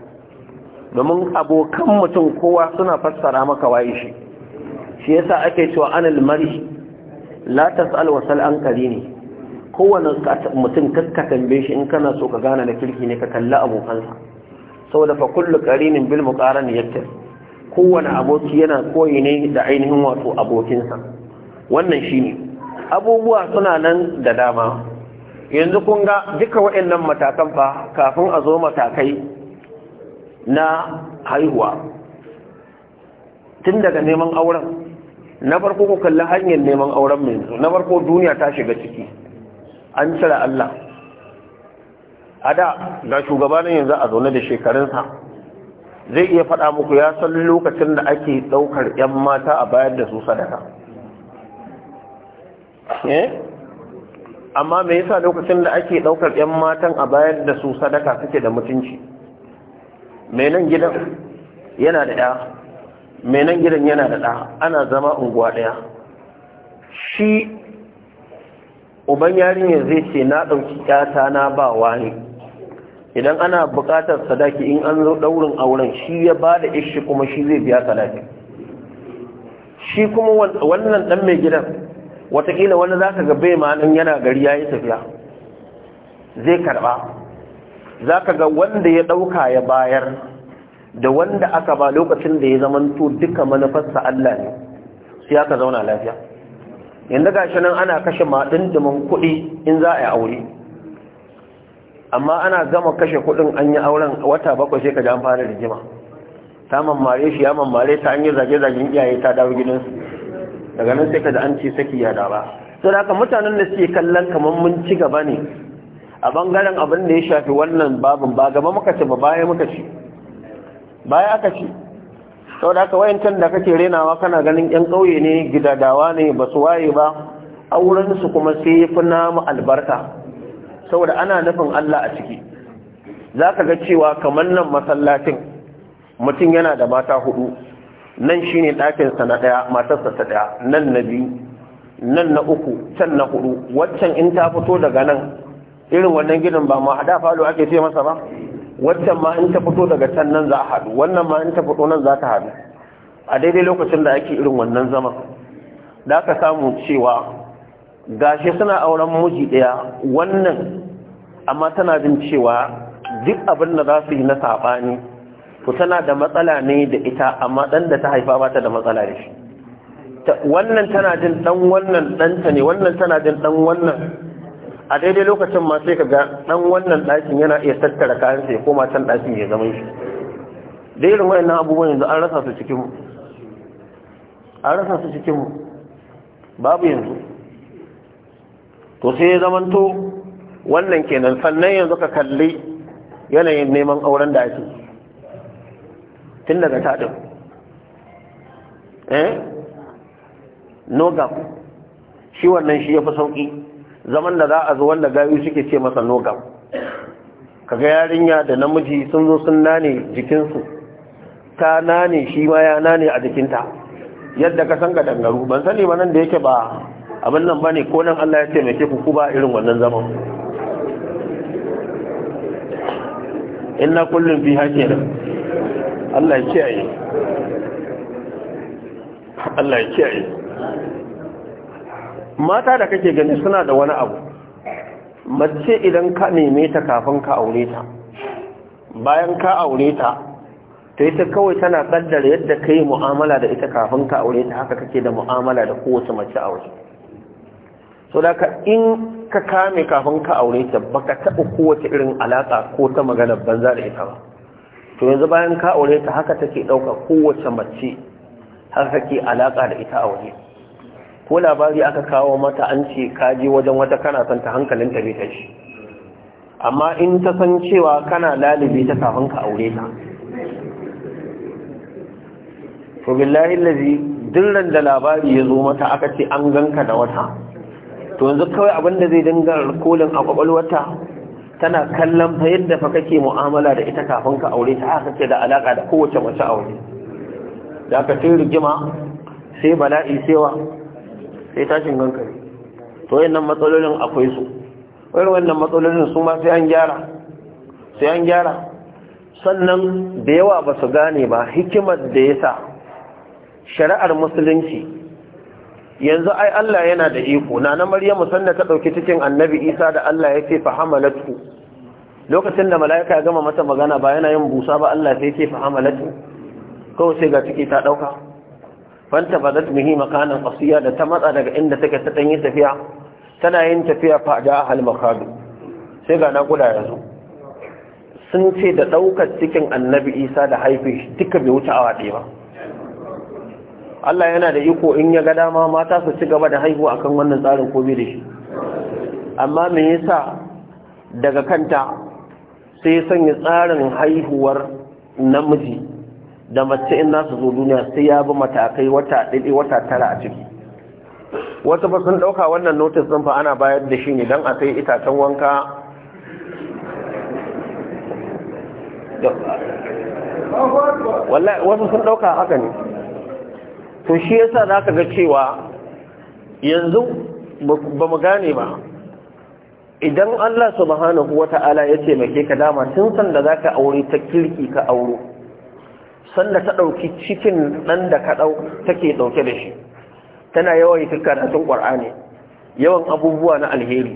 domin abokan mutum kowa suna fassara maka waye shi shi yasa ake cewa anal mari la tas'al wa sal an kowane mutum kaska tambaye shi in kana so ka gane da kirki ne ka kalli abokansa saboda fa kullu qarinin bil muqaran kowane aboki yana koyi ne da ainihin wato abokinsa wannan shi ne. abubuwa suna nan da dama yanzu kun ga duka waɗannan matakan fa kafin a zo matakai na haihuwa tun daga neman auren na farko ku kalli hanyar neman auren mai na farko duniya ta shiga ciki an cire Allah a da ga shugabanin yanzu a zaune da shekarunsa zai iya faɗa muku ya san lokacin da ake ɗaukar 'yan mata a bayar da su sadaka eh? amma me yasa lokacin da ake ɗaukar 'yan matan a bayar da su sadaka suke da mutunci mai nan gidan yana da ɗaya mai nan gidan yana da ɗaya ana zama unguwa ɗaya shi uban yarinyar zai ce na ɗauki ƙyata na ba wani idan ana buƙatar sadaki in an zo ɗaurin auren shi ya ba da ishi kuma shi zai biya sadaki shi kuma wannan ɗan mai gidan watakila wani za ka gabe ma'anin yana gari ya yi tafiya zai karɓa za ka ga wanda ya ɗauka ya bayar da wanda aka ba lokacin da ya zamanto duka manufarsa Allah ne su ya ka zauna lafiya yadda gashi nan ana kashe maɗin kuɗi in za a yi aure amma ana gama kashe kudin an yi auren wata bakwai sai ka ji an fara rigima ta mammare shi ya mammare ta an yi zage-zagen iyaye ta dawo gidansu daga nan sai ka ji an ce saki ya da ba to da mutanen da suke kallon kamar mun ci gaba ne a bangaren abin da ya shafi wannan babin ba gaba muka ci ba baya muka ci baya aka ci sau da aka wayancan da kake renawa kana ganin yan ƙauye ne gidadawa ne ba su waye ba auren su kuma sai ya fi namu albarka saboda ana nufin Allah a ciki za ka ga cewa kamar nan masallacin mutum yana da mata hudu nan shi ne ɗakinsa na ɗaya matarsa ta ɗaya nan na biyu nan na uku can na hudu waccan in ta fito daga nan irin wannan gidan ba ma hada falo ake ce masa ba waccan ma in ta fito daga can nan za a haɗu wannan ma in ta fito nan za ta haɗu a daidai lokacin da ake irin wannan zaman da aka samu cewa Gashe suna auren miji ɗaya wannan amma tana jin cewa duk abin da za su yi na saɓani to tana da matsala ne da ita amma ɗan da ta haifa bata da matsala da shi wannan tana jin ɗan wannan ɗanta ne wannan tana jin ɗan wannan a daidai lokacin ma sai ka ga ɗan wannan ɗakin yana iya tattara kayan sai koma can ɗakin ya zama shi da irin wayannan abubuwan yanzu an rasa su cikin an rasa su cikin babu yanzu to sai ya zamanto wannan kenan sannan yanzu ka kalli yanayin neman auren da ake tun daga taɗin eh nogam shi wannan shi ya fi sauƙi zaman da za a zo wanda gayu suke ce masa nogam kaga yarinya da namiji sun zo sun nane jikinsu ta nane shi ma ya nane a jikinta yadda ka san ga dangaru ban sani ba nan da yake ba abin nan ba ne ko nan Allah ya taimake ku ku ba irin wannan zaman inna kullum fi nan Allah ya kiyaye Allah ya kiyaye mata da kake gani suna da wani abu mace idan ka neme ta kafin ka aure ta bayan ka aure ta yi ita kawai tana kaddara yadda ka yi mu'amala da ita kafin ka aure ta haka kake da mu'amala da kowace mace aure so da in ka kame kafin ka aure ta baka taɓa kowace irin alaƙa ko ta magana banza da ita ba to yanzu bayan ka aure ta haka take ɗauka kowace mace haka ke alaƙa da ita aure ko labari aka kawo mata an ce kaje wajen wata kana son ta hankalin ta bai shi amma in ta san cewa kana lalibi ta kafin ka aure ta to billahi lazi duk da labari ya zo mata aka ce an ganka da wata to yanzu kawai abin da zai dinga kolin a kwakwalwata tana kallon fa yadda fa kake mu'amala da ita kafin ka aure ta haka kake da alaka da kowace mace aure da ka sai rigima sai bala'i sewa sai tashin hankali to wayannan matsalolin akwai su wayar wannan matsalolin su ma sai an gyara sai an gyara sannan da yawa ba su gane ba hikimar da yasa shari'ar musulunci yanzu ai Allah yana da iko na na Maryamu sanda ta dauki cikin Annabi Isa da Allah ya ce fa hamalatu lokacin da malaika ya gama mata magana ba yana yin busa ba Allah sai yake ce fa hamalatu kawai sai ga ciki ta dauka fanta badat mihi makanan qasiya da ta matsa daga inda take ta danyi tafiya tana yin tafiya fa da ahal makadu sai ga na kula yanzu. sun ce da daukar cikin Annabi Isa da haife shi duka bai wuce awa ɗaya ba Allah yana da iko in ya ga dama mata su ci gaba da haihuwa akan wannan tsarin ko bai da shi amma me yasa daga kanta sai ya sanya tsarin haihuwar namiji da mace in nasu zo duniya sai ya bi matakai wata ɗaiɗai wata tara a ciki wasu ba sun ɗauka wannan notis ɗin fa ana bayar da shi ne don a kai itacen wanka wasu sun ɗauka haka ne to shi yasa za ka ga cewa yanzu ba mu gane ba idan Allah subhanahu wata'ala ya ce mai ka dama tun sanda za ka aure ta kirki ka auro sanda ta ɗauki cikin dan da ka dau take dauke da shi tana yawan karatun Qur'ani yawan abubuwa na alheri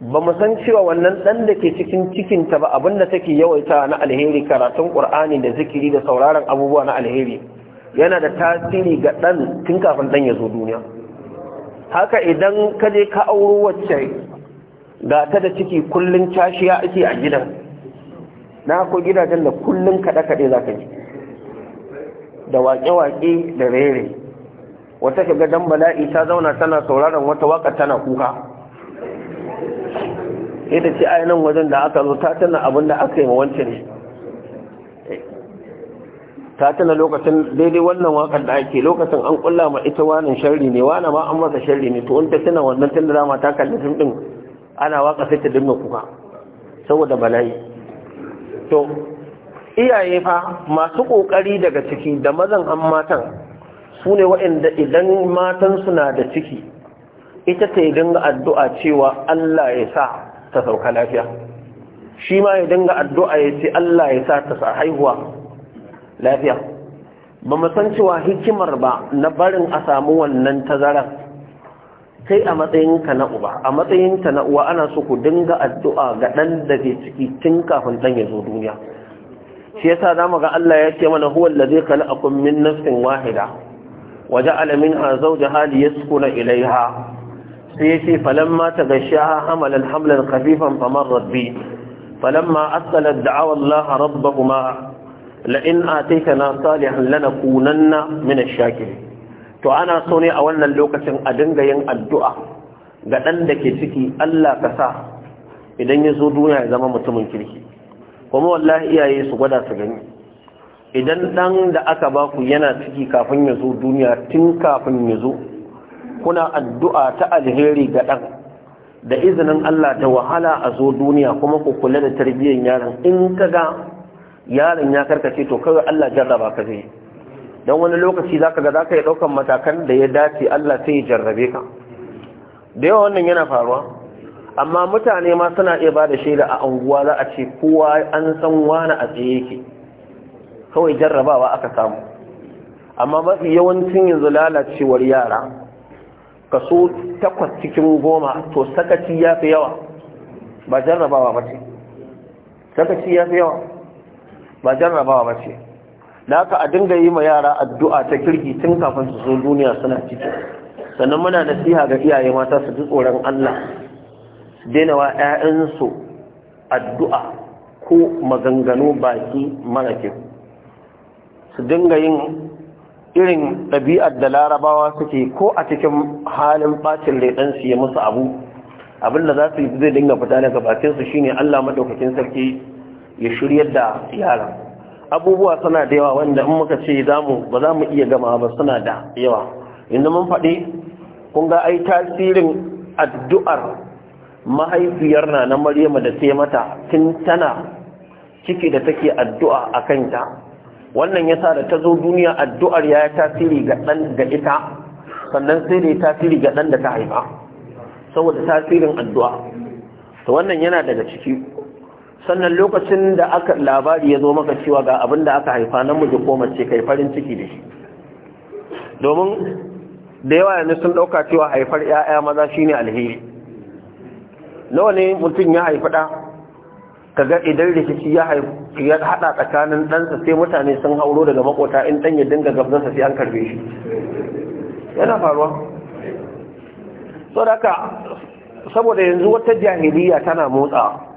ba mu san cewa wannan dan da ke cikin cikinta ba abinda take yawaita na alheri karatun ƙur'ani, da zikiri da sauraron abubuwa na alheri yana da tasiri ga ɗan tun kafin ɗan ya zo duniya haka idan ka je ka auro wacce ga ta da ciki kullum cashiya ake a gidan na ku gidajen da kullum kaɗe-kaɗe za ka ji da waƙe-waƙe da rere wata shiga dan bala'i ta zauna tana sauraron wata waka tana kuka ita ce ainihin wajen da aka zo ta tana abin da aka yi ma ne ta tuna lokacin daidai wannan wakar da ake lokacin an kulla ma ita wanan sharri ne wani ma an masa sharri ne to in ta tuna wannan tun da ma ta kalli sun din ana waka sai ta dinga kuka saboda bala'i to iyaye fa masu kokari daga ciki da mazan an matan su ne waɗanda idan matan suna da ciki ita ta yi dinga addu'a cewa Allah ya sa ta sauka lafiya shi ma ya dinga addu'a ya ce Allah ya sa ta sa haihuwa lafiya ba mu san cewa hikimar ba na barin a samu wannan tazarar kai a matsayinka na uba a matsayinka na uwa ana so ku dinga addu'a ga ɗan da ke ciki tun kafin ɗan ya zo duniya shi yasa za mu ga Allah ya ce mana huwa allazi khalaqakum min nafsin wahida wa ja'ala minha zawjaha liyaskuna ilaiha. sai yace falamma tagashaha hamalan hamlan khafifan famarrat bi falamma asqala da'awa Allah kuma. la'in na salihan lanakunanna min ash-shakirin to ana so ne a wannan lokacin a dinga yin addu'a ga dan da ke ciki Allah ka sa idan ya zo duniya ya zama mutumin kirki kuma wallahi iyaye su gwada su gani idan ɗan da aka ba ku yana ciki kafin ya zo duniya tun kafin ya zo kuna addu'a ta alheri ga ɗan da izinin Allah ta wahala a zo duniya kuma ku kula da tarbiyyar yaron in ka ga yaron ya karkace to kawai Allah jarraba ka zai Dan wani lokaci zaka ga zaka yi daukan matakan da ya dace Allah sai ya jarrabe ka da yawa wannan yana faruwa amma mutane ma suna iya ba da shaida a anguwa za a ce kowa an san wani a tsaye yake kawai jarrabawa aka samu amma mafi yawancin yanzu lalacewar yara kaso takwas cikin goma to sakaci ya fi yawa ba jarrabawa ba ce sakaci ya fi yawa ba jarrabawa ba ce da haka a dinga yi ma yara addu'a ta kirki tun kafin su zo duniya suna ciki sannan muna nasiha ga iyaye mata su ji tsoron Allah su daina wa 'ya'yansu addu'a ko maganganu baki mara kyau su dinga yin irin ɗabi'ar da larabawa suke ko a cikin halin ɓacin su yi musu abu abin da za su yi zai dinga fita daga bakinsu shine Allah maɗaukakin sarki ya shiryar da yaran abubuwa suna da yawa wanda in muka ce ba za mu iya gama ba suna da yawa inda mun faɗi kun ga ai tasirin addu'ar mahaifiyar na na maryama da ta mata tun tana ciki da take addu'a a kanta wannan ya sa da ta zo duniya addu'ar ya yi tasiri ga ɗan da ita sannan sai da ya tasiri ga ɗan da ta haifa saboda tasirin addu'a to wannan yana daga ciki sannan lokacin da aka labari ya zo maka cewa ga abin da aka haifa nan miji ko mace kai farin ciki da shi domin da yawa yanzu sun ɗauka cewa haifar 'ya'ya maza shine alheri nawa ne mutum ya haifi ɗa kaga idan rikici ya haifi ya haɗa tsakanin ɗansa sai mutane sun hauro daga makota in ɗan ya dinga gabzansa sai an karbe shi yana faruwa saboda yanzu wata jahiliya tana motsa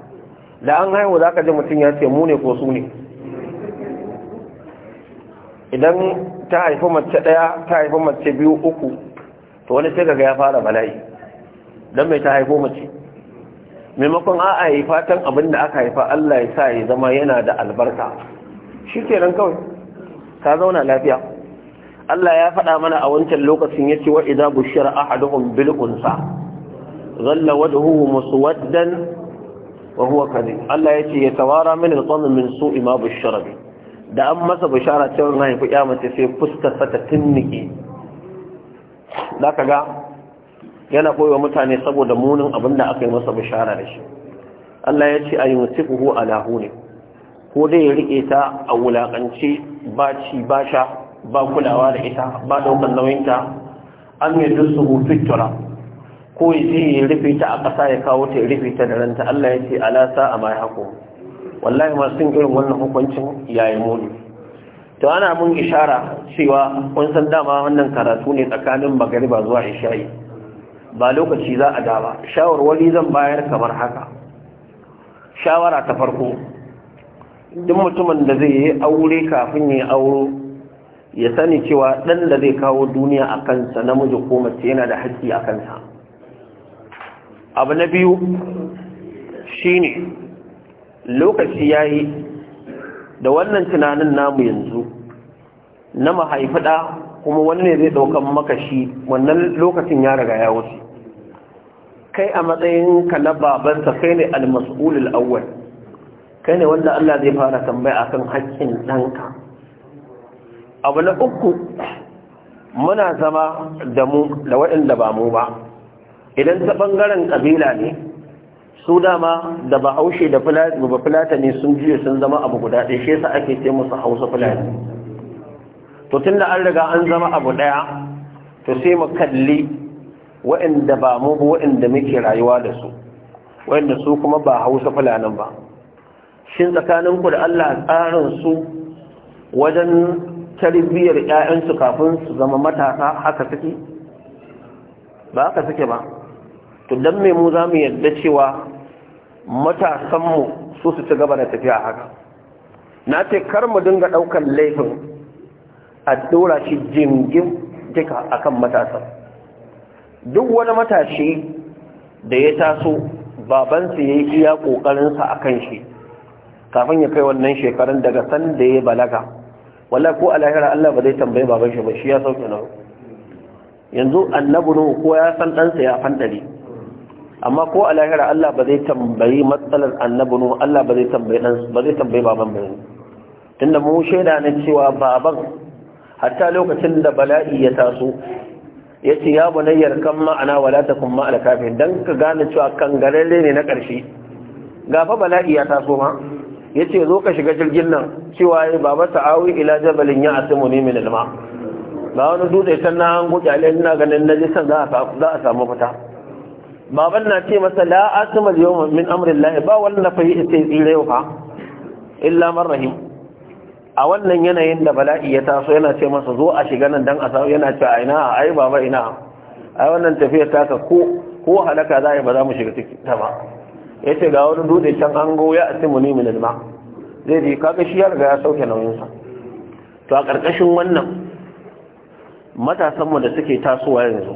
da an haihu za ka ji mutum ya ce mu ne ko su ne idan ta haifi mace ɗaya ta haifi mace biyu uku to wani sai ya fara bala'i don mai ta haifo mace maimakon a a yi fatan abin da aka haifa Allah ya sa ya zama yana da albarka shi ke kenan kawai Ta zauna lafiya Allah ya faɗa mana a wancan lokacin ya ce wa'iza bishiyar Ahaduhun ahaduhum Zalla unsa zalla masu muswaddan wa huwa kadhib Allah yace ya tawara min alqawm min su'i ma bushara da an masa bishara cewa na haifi mace sai fuskar sa ta tinnike da ga yana koyo mutane saboda munin abin da aka yi masa bishara da shi Allah yace ayyusifuhu ala huni ko dai ya rike ta a wulakance ba ci ba sha ba kulawa da ita ba daukar nauyinta an yi dusu hutu ko ya yi rufe ta a ƙasa ya kawo ta ya rufe ta da ranta Allah ya ce ala sa a mai hako wallahi masu irin wannan hukuncin yayi muni to ana mun ishara cewa kun san dama wannan karatu ne tsakanin magariba zuwa isha'i ba lokaci za a dama shawarwari zan bayar kamar haka shawara ta farko duk mutumin da zai yi aure kafin ya auro ya sani cewa ɗan da zai kawo duniya a kansa namiji ko mace yana da haƙƙi a kansa abu na biyu shine lokaci ya yi da wannan tunanin namu yanzu na mahaifada kuma wani ne zai daukan makashi wannan lokacin ya riga ya wuce kai a matsayin ka na babansa kai ne almas'ulul awwal kai ne wanda Allah zai fara tambaya akan haƙƙin ɗanka abu na uku muna zama da mu da waɗanda ba mu ba idan ta bangaren kabila ne su dama da bahaushe da fulata ne sun juya sun zama abu guda ɗaya shi yasa ake ce musu hausa fulani to tunda an riga an zama abu ɗaya to sai mu kalli waɗanda ba mu ba muke rayuwa da su waɗanda su kuma ba hausa fulanin ba shin tsakaninku da Allah tsarin su wajen tarbiyyar 'ya'yansu kafin su zama matasa haka suke ba haka suke ba to dan me mu za mu yadda cewa matasanmu su su ci gaba da tafiya haka na ce kar mu dinga ɗaukar laifin a ɗora shi jingin duka akan matasan duk wani matashi da ya taso baban ya yi iya ƙoƙarinsa a kan shi kafin ya kai wannan shekarun daga san da ya balaga wala ko alahira Allah ba zai tambaye baban shi ba shi ya sauke na yanzu annabu ko ya san ɗansa ya fandare amma ko a lahira Allah ba zai tambayi matsalar annabi nu Allah ba zai tambayi dan ba zai tambayi baban ba tunda mu shaida ne cewa baban hatta lokacin da bala'i ya taso yace ya bunayyar kan ma'ana wala takum ma'al kafirin dan ka gane cewa kan garelle ne na karshe gafa bala'i ya taso ma yace zo ka shiga jirgin nan cewa ya baba ta'awi ila jabalin ya asimu ni min alma ba wani dutse sannan an gudu alai ina ganin naji san za a samu fita baban na ce masa la asmal yawma min amrillah ba wannan fahi sai tsire yau ha illa man rahim a wannan yanayin da bala'i ya taso yana ce masa zo a shiga nan dan a samu yana ce a ina ai baba ina ai wannan tafiyar taka ko ko halaka za ba za mu shiga ciki ta ba yace ga wani dutse can an go ya asimu ni min alma zai ji kaga shi ya riga ya sauke nauyin sa to a karkashin wannan matasan mu da suke tasowa yanzu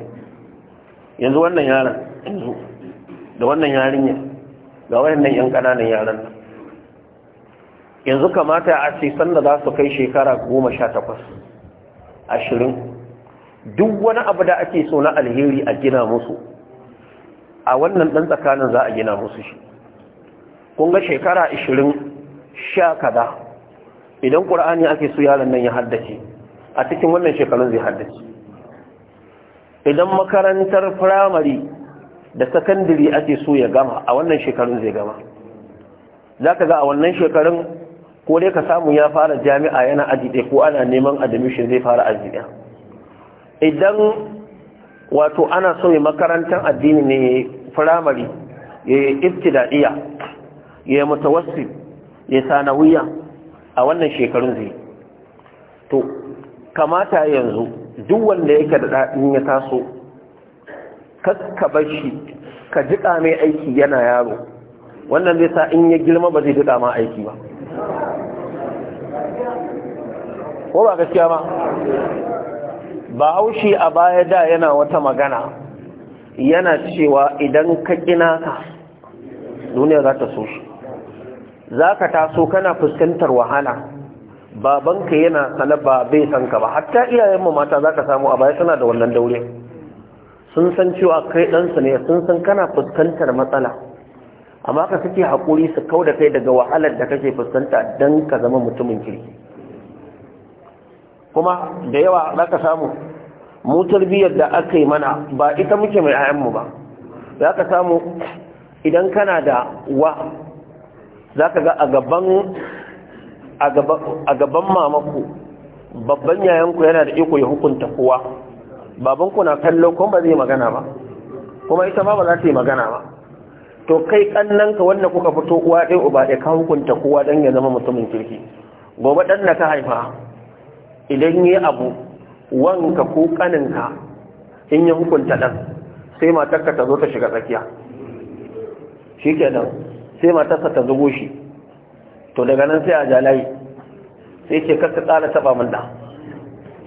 yanzu wannan yaron yanzu da wannan yarinya ga wannan yan ƙananan yaran yanzu kamata a ce sanda za su kai shekara goma sha takwas ashirin duk wani abu da ake so na alheri a gina musu a wannan dan tsakanin za a gina musu shi kun ga shekara 20 sha kada idan ƙura'ani ake so yaran nan ya haddace a cikin wannan shekarun zai haddace idan makarantar firamare da sakandiri ake so ya gama a wannan shekarun zai gama za ka ga a wannan shekarun ko dai ka samu ya fara jami'a yana aji ɗaya ko ana neman admission zai fara aji ɗaya idan wato ana so ya makarantar addini ne firamare ya yi ibtida'iya ya yi mutawassi ya sanawiya a wannan shekarun zai to kamata yanzu duk wanda yake da ɗaɗin ya taso kaska shi ka jiƙa mai aiki yana yaro wannan zai sa in ya girma ba zai jiƙa ma aiki ba ko ba gaskiya ba ba haushi a baya da yana wata magana yana cewa idan ka ƙina ka duniya za ta so shi za ka taso kana fuskantar wahala babanka yana sanar ba bai sanka ba hatta iyayenmu mata za ka samu a baya suna da wannan daure sun san cewa kai ɗansa ne sun san kana fuskantar matsala amma ka suke haƙuri su kau da kai daga wahalar da kake fuskanta don ka zama mutumin kirki kuma da yawa za ka samu mu tarbiyyar da aka yi mana ba ita muke mai ayanmu ba za ka samu idan kana da wa za ka ga a gaban a gaban mamaku babban yayanku yana da iko ya hukunta kowa babanku na kallo kuma ba zai magana ba kuma ita ma ba za ta yi magana ba to kai kannanka wanda kuka fito uwa ɗaya uba ɗaya ka hukunta kowa dan ya zama mutumin kirki gobe ɗan na ka haifa idan yi abu wanka ko ƙaninka in ya hukunta ɗan sai matarka ta zo ta shiga tsakiya shi nan sai matarsa ta zubo shi to daga nan sai a jalayi sai ce kasa tsara taɓa min ɗan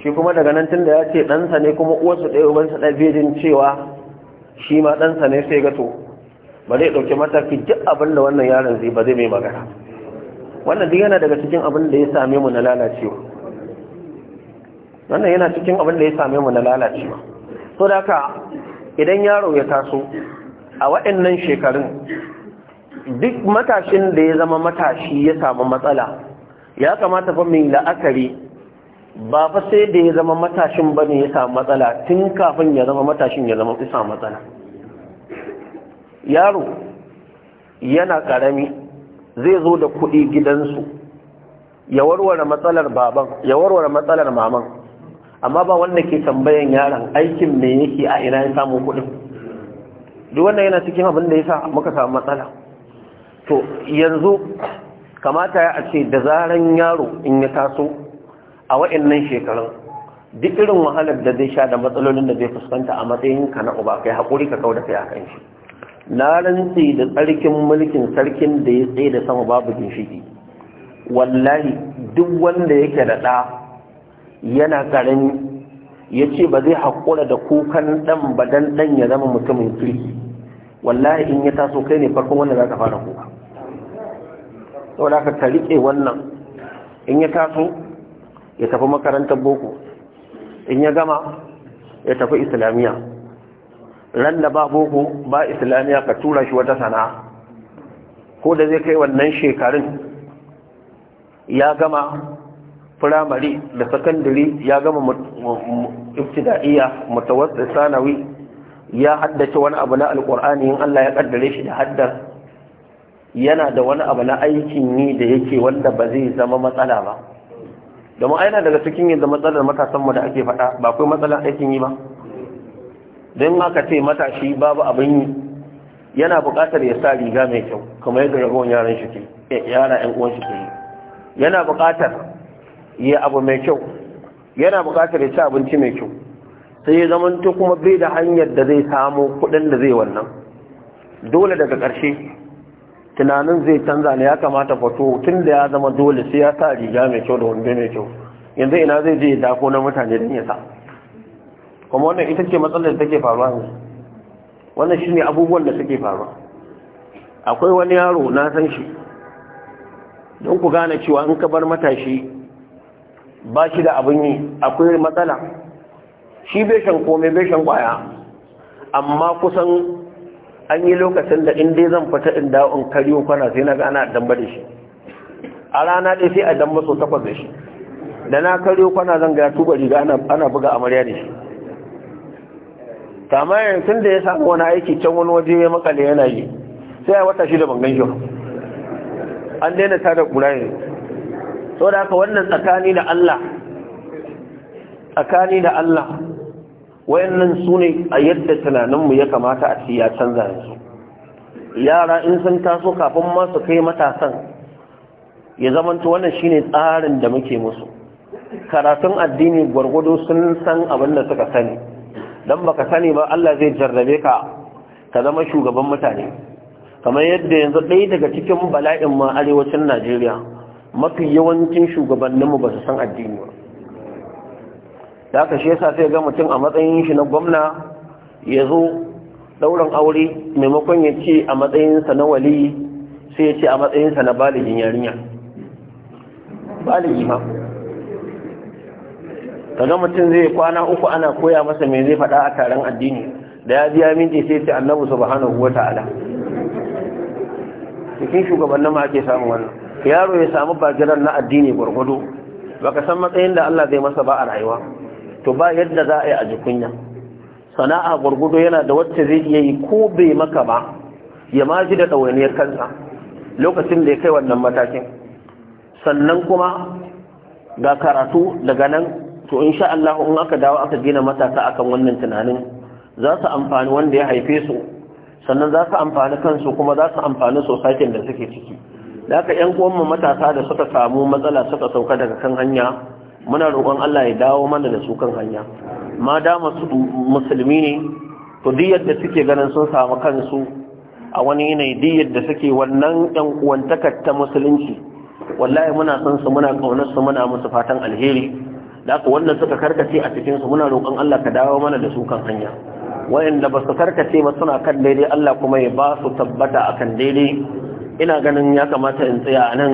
shi kuma daga nan tun da ya ce ɗansa ne kuma uwarsa ɗaya ubansa ɗaya bejin cewa shi ma ɗansa ne sai gato ba zai ɗauki mataki duk abin da wannan yaron zai ba zai mai magana wannan duk yana daga cikin abin da ya same mu na lalacewa wannan yana cikin abin da ya same mu na lalacewa so da haka idan yaro ya taso a waɗannan shekarun duk matashin da ya zama matashi ya samu matsala ya kamata fa mai la'akari ba fa sai da ya zama matashin ba ne ya samu matsala tun kafin ya zama matashin ya zama isa matsala yaro yana karami zai zo da kuɗi gidansu ya warware matsalar baban ya warware matsalar maman amma ba wanda ke tambayan yaron aikin me yake a ina ya samu kuɗin duk wannan yana cikin abin da ya sa muka samu matsala to yanzu kamata ya ce da zaran yaro in ya taso a waɗannan shekarun duk irin wahalar da zai sha da matsalolin da zai fuskanta a matsayin ka na uba kai haƙuri ka kau da kai a kan shi na rantsi da tsarkin mulkin sarkin da ya tsaye da sama babu ginshiki wallahi duk wanda yake da ɗa yana ƙarami ya ce ba zai haƙura da kukan ɗan ba dan ɗan ya zama mutumin kirki wallahi in ya taso kai ne farkon wanda za ka fara kuka saboda ka riƙe wannan in ya taso ya tafi makarantar boko in ya gama ya tafi islamiyya ran da ba boko ba islamiyya ka tura shi wata sana'a ko da zai kai wannan shekarun ya gama firamare da sakandare ya gama iftida'iya mutawassit sanawi ya haddace wani abu na alkur'ani in Allah ya kaddare shi da haddar yana da wani abu na aikin yi da yake wanda ba zai zama matsala ba da ma'aina daga cikin yadda matsalar matasanmu da ake faɗa ba kai matsalar aikin yi ba don haka ce matashi babu abin yi yana buƙatar ya sa riga mai kyau kamar yadda ragowar yaran shi ke eh, yara ƴan uwan shi ke yana buƙatar ya abu mai kyau yana buƙatar ya ci abinci mai kyau sai ya zamanto kuma bai da hanyar da zai samu kuɗin da zai wannan dole daga ƙarshe tunanin zai canza ne ya kamata fato tun da ya zama dole sai ya sa riga mai kyau da wanda mai kyau yanzu ina zai je dako na mutane don ya sa kuma wannan ita ce matsalar da take faruwa ne wannan shine abubuwan da suke faruwa akwai wani yaro na san shi don ku gane cewa in ka bar matashi ba shi da abin yi akwai matsala shi bai shan komai bai shan kwaya amma kusan an yi lokacin da in dai zan fita in dawo in kariyo kwana sai na gana a damba da shi a rana ɗaya sai a damba so takwas da shi da na kariyo kwana zan gaya tuba riga ana buga amarya da shi kama tun da ya samu wani aiki can wani waje ya makale yana yi sai a wata shida ban ganshi an daina tada kura yanzu so da haka wannan tsakani da Allah tsakani da Allah wayannan su ne a yadda tunaninmu ya kamata a ci ya canza yanzu yara in sun taso kafin masu kai matasan ya zamanta wannan shine tsarin da muke musu karatun addini gwargwado sun san abin da suka sani don baka sani ba Allah zai jarrabe ka ka zama shugaban mutane kamar yadda yanzu ɗaya daga cikin bala'in ma arewacin Najeriya mafi yawancin shugabanninmu ba su san addini ba da haka shi yasa sai ga mutum a matsayin shi na gwamna ya zo ɗaurin aure maimakon ya ce a matsayinsa na wali sai ya ce a matsayinsa na baligin yarinya baligi ma kaga mutum zai kwana uku ana koya masa mai zai faɗa a taron addini da ya biya minti sai ce annabi huwa ta'ala cikin shugabannin ma ake samun wannan yaro ya samu bagiran na addini gwargwado Ba ka san matsayin da Allah zai masa ba a rayuwa to ba yadda za a yi a jikunya sana'a gurgudu yana da wacce zai iya yi ko bai maka ba ya ma ji da ɗawainiyar kansa lokacin da ya kai wannan matakin sannan kuma ga karatu daga nan to insha Allah in aka dawo aka gina matasa akan wannan tunanin za su amfani wanda ya haife su sannan za su amfani kansu kuma za su amfani sosakin da suke ciki da aka yan uwanmu matasa da suka samu matsala suka sauka daga kan hanya muna roƙon Allah ya dawo mana da su kan hanya ma da masu musulmi ne to diyar da suke ganin sun samu kansu a wani yanayi diyar da suke wannan ɗan uwantakar ta musulunci wallahi muna son su muna ƙaunar su muna musu fatan alheri da haka wannan suka karkace a cikin su muna roƙon Allah ka dawo mana da su kan hanya wayanda ba su karkace ba suna kan daidai Allah kuma ya ba su tabbata akan daidai ina ganin ya kamata in tsaya a nan